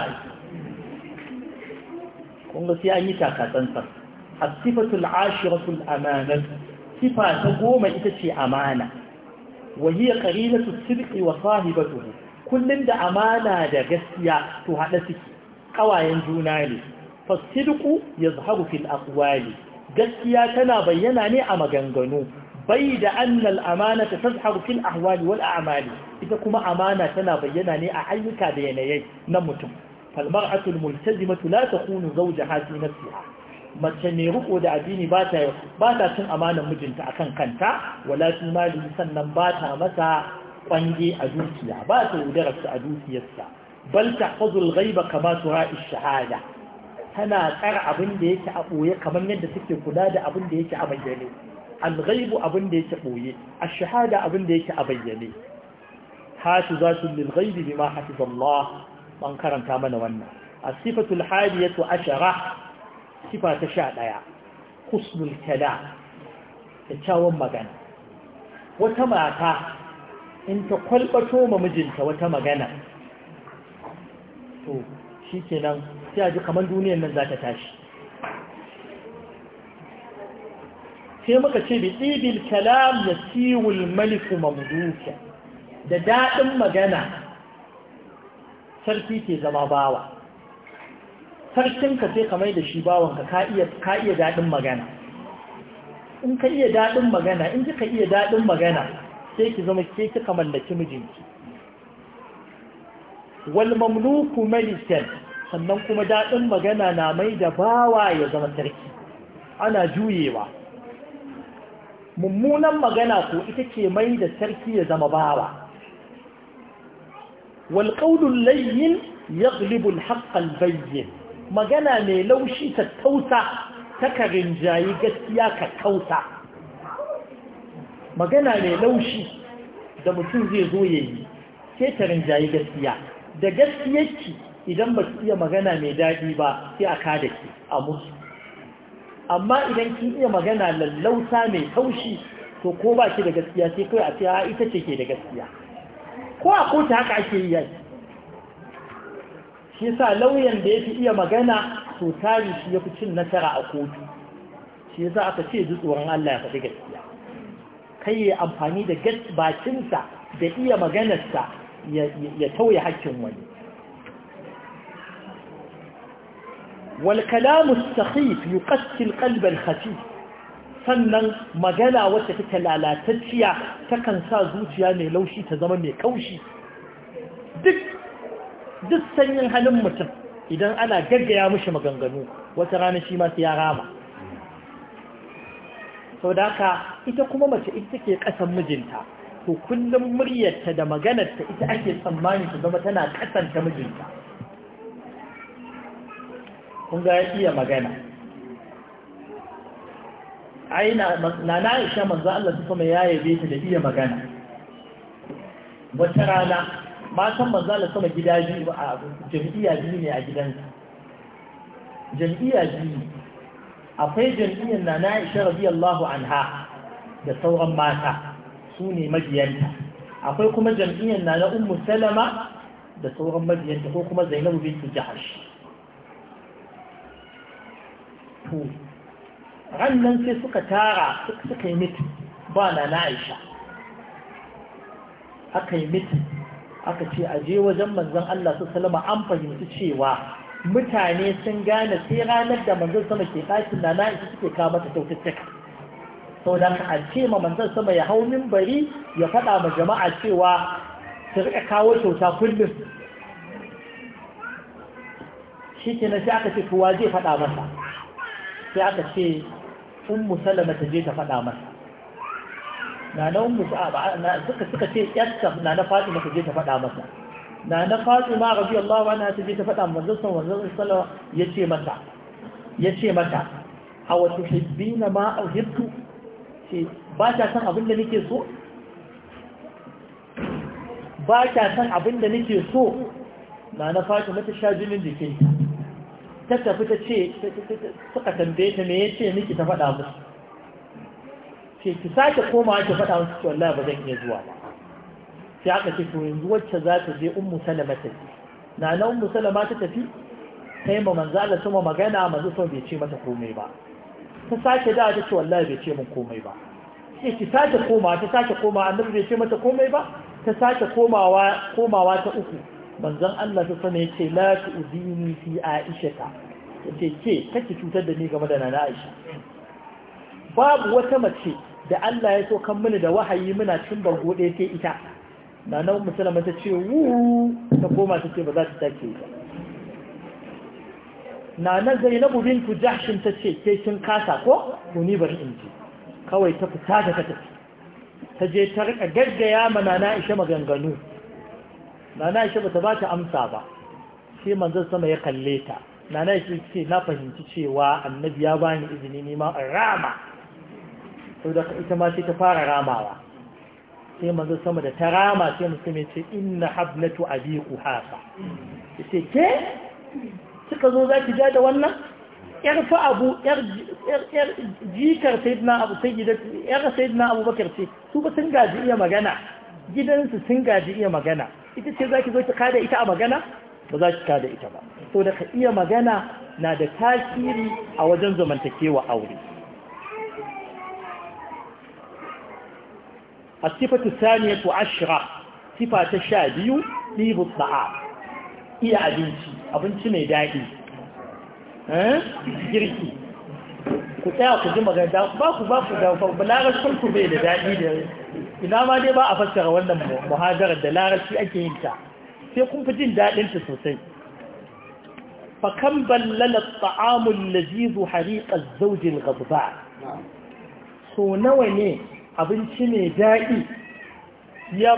kun ga sai an yi taka takatsantsan as-sifatul ashiratul amana sifa ta goma ita ce amana wa hiya qarilatu sidqi wa sahibatuhu kullun da amana da gaskiya to hada suke kawayen juna ne fasidqu yazhabu fil aqwali gaskiya tana bayyana ne a maganganu bai da annal amana ta tazharu ahwali wal a'mali ita kuma amana tana bayyana ne a ayyuka da yanayi na mutum fal mar'atul multazimatu la takunu zawjaha fi nafsiha mace ne riko da addini ba ta ba ta cin amanar mijinta akan kanta wala fi mali sannan ba ta masa kwange a dukiya ba ta yaudararsa a dukiyarsa bal tahfazul ghaiba kama tura shahada tana tsara abin da yake a ɓoye kamar yadda suke kula da abin da yake a bayyane alghaibu abin da yake ɓoye a shahada abin da yake a bayyane hafizatun lil ghaibi bima hafizallah ban karanta mana wannan A sifatul hadiyatu ashara sifa ta 11 husnul da kyakkyawan magana wata mata in ta kwalbato ma mijinta wata magana to shikenan sai a ji kamar duniyan nan za ta tashi sai muka ce bi ɗibil kalam da siwul maliku mamduka da daɗin magana sarki ke zama bawa sarkinka sai kamar da shi bawanka ka iya daɗin magana in ka iya daɗin magana in kika iya daɗin magana sai ki zama ke kika mallaki mijinki wal mamluku malikan sannan kuma daɗin magana na mai da bawa ya zama sarki ana juyewa mummunan magana ko ita ce mai da sarki ya zama bawa walƙaunin layyin ya ƙulibul haƙƙal bayyin magana mai laushi ta tausa ta karin jayi gaskiya ka tausa magana mai laushi da mutum zai zo yayi sai ta rinjayi gaskiya da gaskiyarki idan ba iya magana mai daɗi ba sai a kada ki a musu amma idan kin iya magana lallauta mai taushi to ko ba ki da gaskiya sai kawai a cewa ita ce ke da gaskiya ko a kota haka ake yi yaki shi sa lauyan da ya fi iya magana to tari shi ya fi cin nasara a kotu shi yasa aka ce ji tsoron Allah ya faɗi gaskiya kai ya amfani da bakinsa da iya maganarsa ya tauye hakkin wani والكلام السخيف يقتل قلب الخفيف sannan magana wacce take lalatacciya takan sa zuciya mai laushi ta zama mai kaushi duk sanyin halin mutum idan ana gaggaya mishi maganganu wata rana shi masu ya rama sau da haka ita kuma mace ita ke kasan mijinta to kullum muryarta da maganarta ita ake tsammani ta zama tana kasanta mijinta Kunga ya iya magana ai na na Aisha manzo Allah ta kuma ya yabe ta da iya magana wata rana matan manzo Allah sama gida biyu a jami'a biyu ne a gidansa jami'a biyu akwai jami'in na na Aisha radiyallahu anha da sauran mata su ne majiyanta akwai kuma jami'in na na Ummu Salama da sauran majiyanta ko kuma Zainabu bintu Jahash rannan sai suka tara suka yi miti ba na na'isha aka yi miti aka ce a je wajen manzan Allah su salama an fahimci cewa mutane sun gane sai ranar da manzan sama ke ɗakin na na'isha suke kama ta kyaututtuka sau da a ce ma manzan sama ya hau bari ya faɗa ma jama'a cewa su rika kawo kyauta kullum shi ke na sai aka ce kowa zai faɗa masa sai aka ce in musallama ta je ta faɗa masa na na ummu suka suka ce yarta na na fatima masa je ta faɗa masa na na Allah wa na ta je ta faɗa manzon san manzon ya ce mata ce mata aw na ma uhibtu ce ba ta san abin da nake so ba ta san abin da nake so na na fatima mata sha jinin jikinta ta tafi ta ce suka tambaye ta me ya ce miki ta faɗa musu ce ki sake komawa ki faɗa musu ce wallahi ba zan iya zuwa ba sai aka ce to yanzu wacce za ta je ummu salama ta ce na na ummu salama ta tafi ta yi ma manzo Allah sama magana manzo sama bai ce mata komai ba ta sake da ta ce wallahi bai ce min komai ba sai ki sake komawa ta sake komawa annabi bai ce mata komai ba ta sake komawa komawa ta uku manzon Allah ta sana yace la tu'dini fi Aisha ta yace ke kake cutar da ni game da nana Aisha babu wata mace da Allah ya so kan mini da wahayi muna cin bango ɗaya sai ita nana Ummu ta ce wu ta koma ta ce ba za ta take ba nana Zainabu bintu Jahshin ta ce ke kin kasa ko to ni bari in ji kawai ta fita da ta tafi ta je ta rika gaggaya ma nana Aisha maganganu nana ba bata ba ta amsa ba sai manzan sama ya kalle ta nana shi ce na fahimci cewa annabi ya bani izini nima a rama sau da ita ma sai ta fara ramawa sai manzan sama da ta rama sai mai ce inna habnatu abi haka. yace ke suka zo za ki ja da wannan yar fa abu yar yar jikar sayyidina abu sayyida yar sayyidina abubakar ce su ba sun gaji iya magana gidansu sun gaji iya magana ita ce za ki zo ki kada ita a magana ba za ki kada ita ba so da ka iya magana na da tasiri a wajen zamantakewa aure a sifatu saniyatu ashira sifa ta sha biyu ɗibu sa'a iya abinci abinci mai daɗi eh? girki ku tsaya ku ji magana ba ku ba ku da larabcin ku bai da daɗi da ina ma dai ba a fassara wannan muhajarar da shi ake yin ta sai kun fi jin daɗin ta sosai fa kan ballala ta'amul lazizu hariqaz zawjil ghadba so nawa ne abinci mai daɗi ya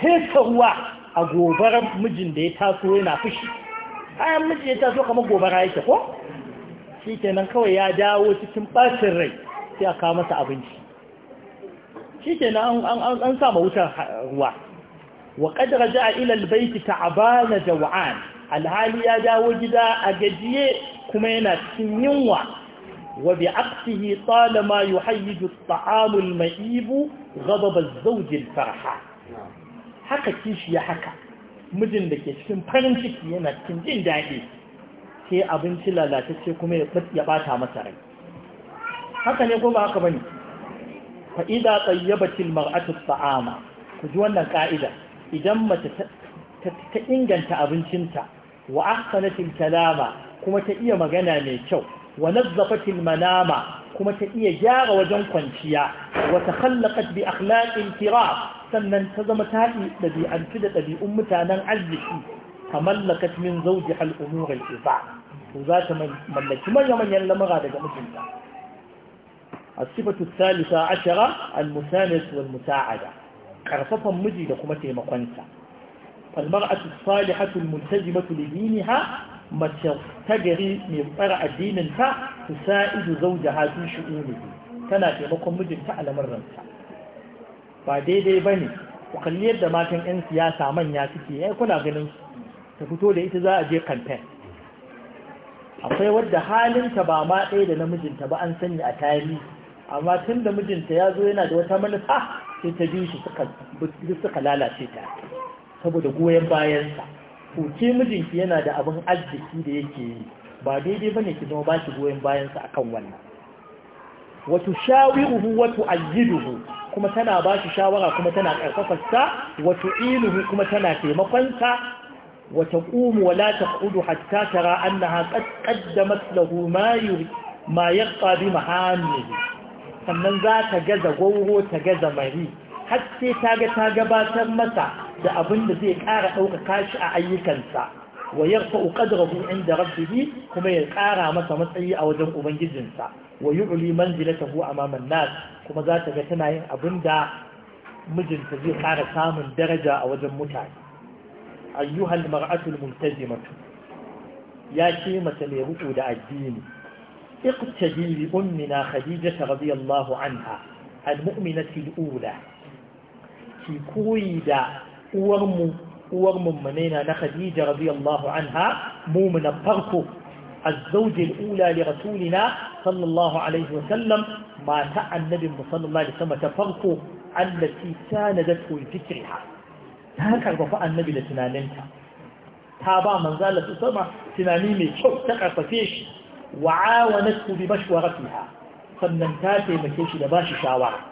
fesa ruwa a gobarar mijin da ya taso yana fushi ayan mijin ya taso kamar gobara yake ko shi kenan kawai ya dawo cikin ɓacin rai sai a kawo masa abinci shi kenan an sama wutar ruwa wa ƙadara a ilal baiti da jawa'an alhali ya dawo gida a gajiye kuma yana cikin yunwa wa bi aqsihi talama yuhayyidu at-ta'amu ma'ibu maib zaujin farha haka kishi ya haka mijin da ke cikin farin ciki yana cikin jin daɗi sai abinci lalatacce kuma ya bata masa rai haka ne ko ba haka bane fa idza tayyabatil mar'atu ta'ama ku ji wannan ka'ida idan mace ta inganta abincinta wa ahsanatil kalama kuma ta iya magana mai kyau wa nazzafatil manama kuma ta iya gyara wajen kwanciya wa takhallaqat bi akhlaqil kiram sannan ta zama ta ɗabi'antu da ɗabi'un mutanen arziki tamallakat min zawji al umur al iba ko za mallaki manyan manyan lamura daga mijinta as-sifatu thalitha ashara al musanis wal musa'ada karfafan miji da kuma taimakonta. fal mar'atu salihatu al muntajimatu li diniha mace tagari mai fara addinin ta tusa'idu zawjaha fi shu'unihi tana taimakon mijinta a lamarinsa ba daidai bane ku kalli yadda matan 'yan siyasa manya suke ya kuna ganin su ta fito da ita za a je kamfen akwai wadda halinta ba ma ɗaya da namijinta ba an sanya a tarihi amma tun da mijinta ya zo yana da wata manufa sai ta biyu shi suka lalace ta saboda goyon bayansa kuke mijinki yana da abin arziki da yake yi ba daidai ba ne ki zama ba shi goyon bayansa a kan wannan wato shawiruhu wato ayyiduhu kuma tana ba shi shawara kuma tana ƙarfafarsa wato iluhu kuma tana taimakonsa وتقوم ولا تقعد حتى ترى أنها قد قدمت له ما يريد ما يقى بمحامله sannan za ta gaza gwauro ta gaza mari har sai ta ga ta gabatar masa da abin da zai ƙara ɗaukaka shi a ayyukansa wa yarfa qadrahu da rabbi kuma ya ƙara masa matsayi a wajen ubangijinsa wa yu'li manzilatahu amama an-nas kuma za ta ga tana yin abin da mijinta zai ƙara samun daraja a wajen mutane ayyuhal mar'atul multazimatu ya ce mace mai ruku da addini iqtadi bi ummina khadijata radiyallahu anha al mu'minati ula ki koyi da uwar mu uwar mu manaina na khadija radiyallahu anha mu'mina farko الزوج الأولى لرسولنا صلى الله عليه وسلم ما تعى النبي صلى الله عليه وسلم تفرق التي ساندته لذكرها ta karfafa annabi da tunaninta ta ba manzala su sama tunani mai kyau ta karfafe shi wa'awanatu bi fiha sannan ta taimake shi da bashi shawara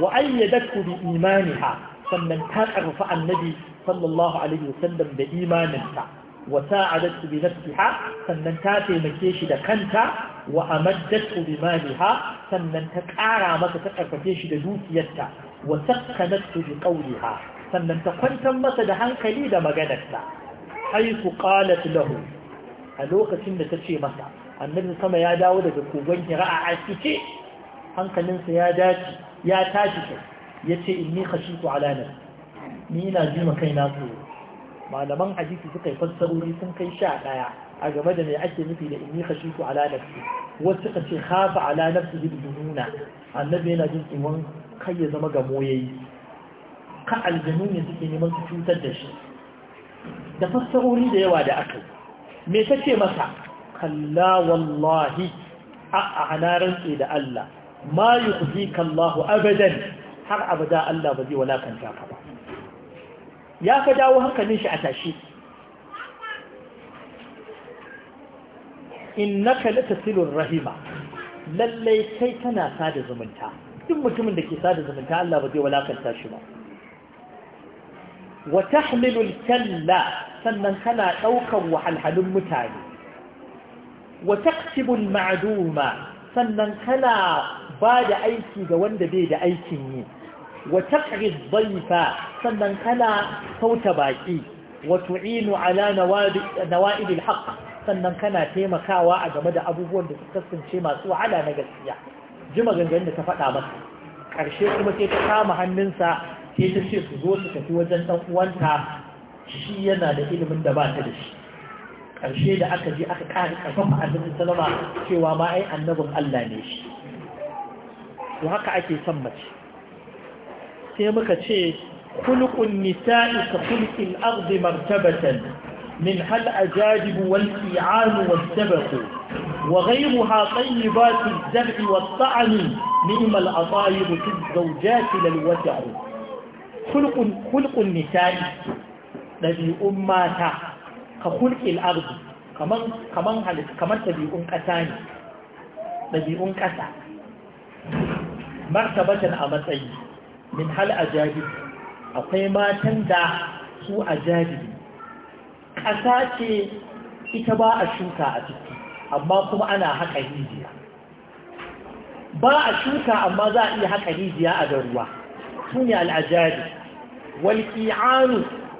wa ayyadatu bi imaniha sannan ta karfafa annabi sallallahu alaihi wasallam da imaninta wa sa'adatu bi nafsiha sannan ta taimake shi da kanta wa amaddatu bi maliha sannan ta kara masa ta karfafe shi da dukiyarta wa sakkanatu bi qawliha sannan ta kwantar masa da hankali da maganarsa haifu qalat lahu a lokacin da ta ce masa annabi sama ya dawo daga kogon hira a asice hankalinsa ya dace ya tashi kai yace inni khashitu ala nafsi ni na ji ma kaina tsoro malaman hadisi suka yi fassarori sun kai sha ɗaya a game da mai ake nufi da inni khashitu ala su. wasu suka ce khafa ala su bi annabi yana jin tsoron kai ya zama gamo yayi ka aljanu ne suke neman su cutar da shi da fassarori da yawa da aka yi me ta ce masa kalla wallahi a ana rantse da Allah ma yi kallahu abadan har abada Allah ba zai walakanta ka ba ya ka dawo hankalin shi a tashi innaka latasilur rahima lallai kai tana sada zumunta duk mutumin da ke sada zumunta Allah ba zai walakanta shi ba wa tahmilul kalla sannan kana ɗaukan wahalhalun mutane wa taktibul ma'duma sannan kana ba da aiki ga wanda bai da aikin yi wa taqrid dhayfa sannan kana sauta baki wa tu'inu ala nawa'id al sannan kana taimakawa a game da abubuwan da suka kasance masu wahala na gaskiya ji maganganun da ta faɗa masa ƙarshe kuma sai ta kama hannunsa sai ta ce su zo su tafi wajen ɗan uwanta shi yana da ilimin da ba ta da shi ƙarshe da aka je aka ƙara ƙarfafa annabi salama cewa ma ai annabin Allah ne shi to haka ake son mace sai muka ce khuluqun nisa'i ka khuluqil ardi martabatan min hal ajadib wal i'an wal sabq وغيرها طيبات الزرع والطعم نعم الأطايب في الزوجات للوسع hulkun nisa'i ɗabi'un mata ka hulkin arzu kamar ɗabi'un ƙasa ne ɗabi'un ƙasa martabatan a matsayi min hal ajabi akwai matan da su ajabi ƙasa ce ita ba a shuka a ciki amma kuma ana haka rijiya ba a shuka amma za a iya haka rijiya a da ruwa su ne al'ajali walƙi'anu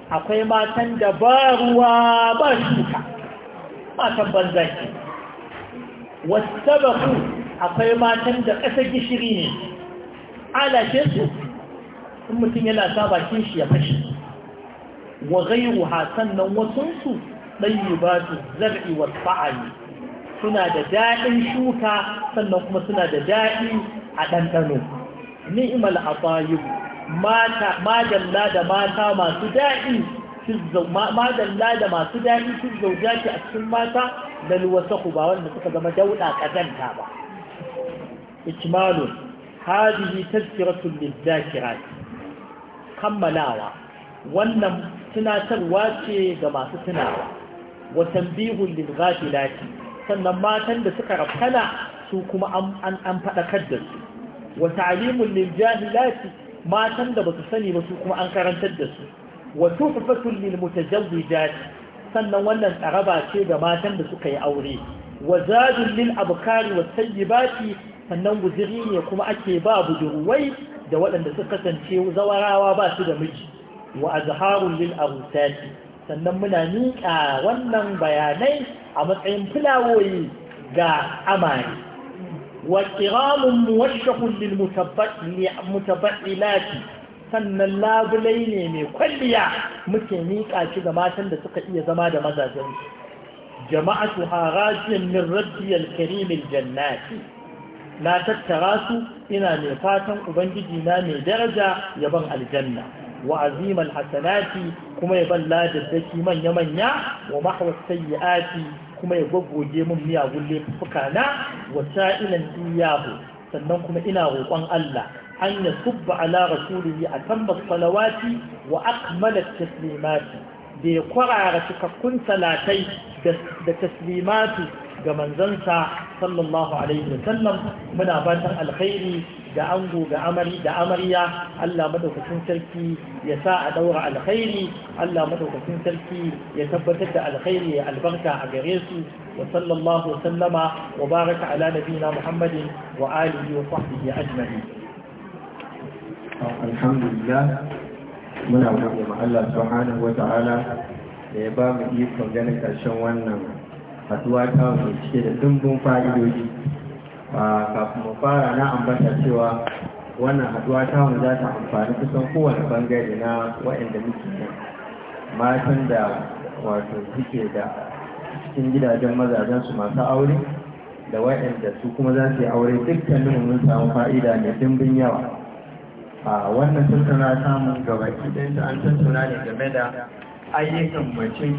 akwai matan da ba ruwa ba shuka matan banza ke ku akwai matan da ƙasa gishiri ne alashe su in mutum yana saba shi ya fashi wa gairu sannan wasunsu ɗanyi ba su zar'i wa fa'ali suna da daɗin shuka sannan kuma suna da daɗi a ɗanɗano ni'imal a bayibu mata da mata masu daɗi madalla da masu daɗi sun zauja ki a cikin mata da luwasaku ba wanda suka zama dauɗa ƙazanta ba ikmalun hadihi tazkiratun lizzakirati kammalawa wannan tunatarwa ce ga masu tunawa wa tambihun lilghafilati sannan matan da suka rafkana su kuma an faɗakar da su da ta'limun liljahilati matan da basu sani ba su kuma an karantar da su Wato tuhfatul lil mutazawwijat sannan wannan tsaraba ce ga matan da suka yi aure wa zadul lil abkari wat sannan gujiri ne kuma ake ba budurwai da waɗanda suka kasance zawarawa ba su da miji wa azharul lil arusati sannan muna miƙa wannan bayanai a matsayin fulawoyi ga amani. وكرام موشق للمتبعلات sannan labulai ne mai kwalliya muke miƙa shi ga matan da suka iya zama da mazajen su harajin min rabbiyal karimin jannati na tattara su ina mai fatan ubangiji na mai daraja yaban aljanna wa azimal hasanati kuma ya ban ladaddaki manya-manya wa mahawar sayyi'ati kuma ya gwaggoge mun miyagun laifuka na wa sa'ilan iyahu sannan kuma ina roƙon Allah an ya subba ala rasulihi a tambas salawati wa akmala taslimati da ya kwarara cikakkun salatai da taslimatu ga manzansa sallallahu alaihi wa sallam muna fatan alkhairi da ango ga amari da amarya Allah madaukakin sarki ya sa a daura alkhairi Allah madaukakin sarki ya tabbatar da alkhairi ya albarka a gare su wa sallallahu sallama wa baraka ala nabiyina Muhammadin wa alihi wa sahbihi ajma'in alhamdulillah muna gode ma Allah subhanahu wa ta'ala da ya ba mu ganin karshen wannan haduwa ta mai cike da dimbin fa'idoji kafin mu fara na ambata cewa wannan haduwa ta wani za ta amfani kusan kowane bangare na waɗanda muke ne matan da wato suke da cikin gidajen mazajen su masu aure da waɗanda su kuma za su yi aure dukkanin mun samu fa'ida mai dimbin yawa a wannan tattauna samun gabaki ɗin an tattauna ne game da ayyukan mace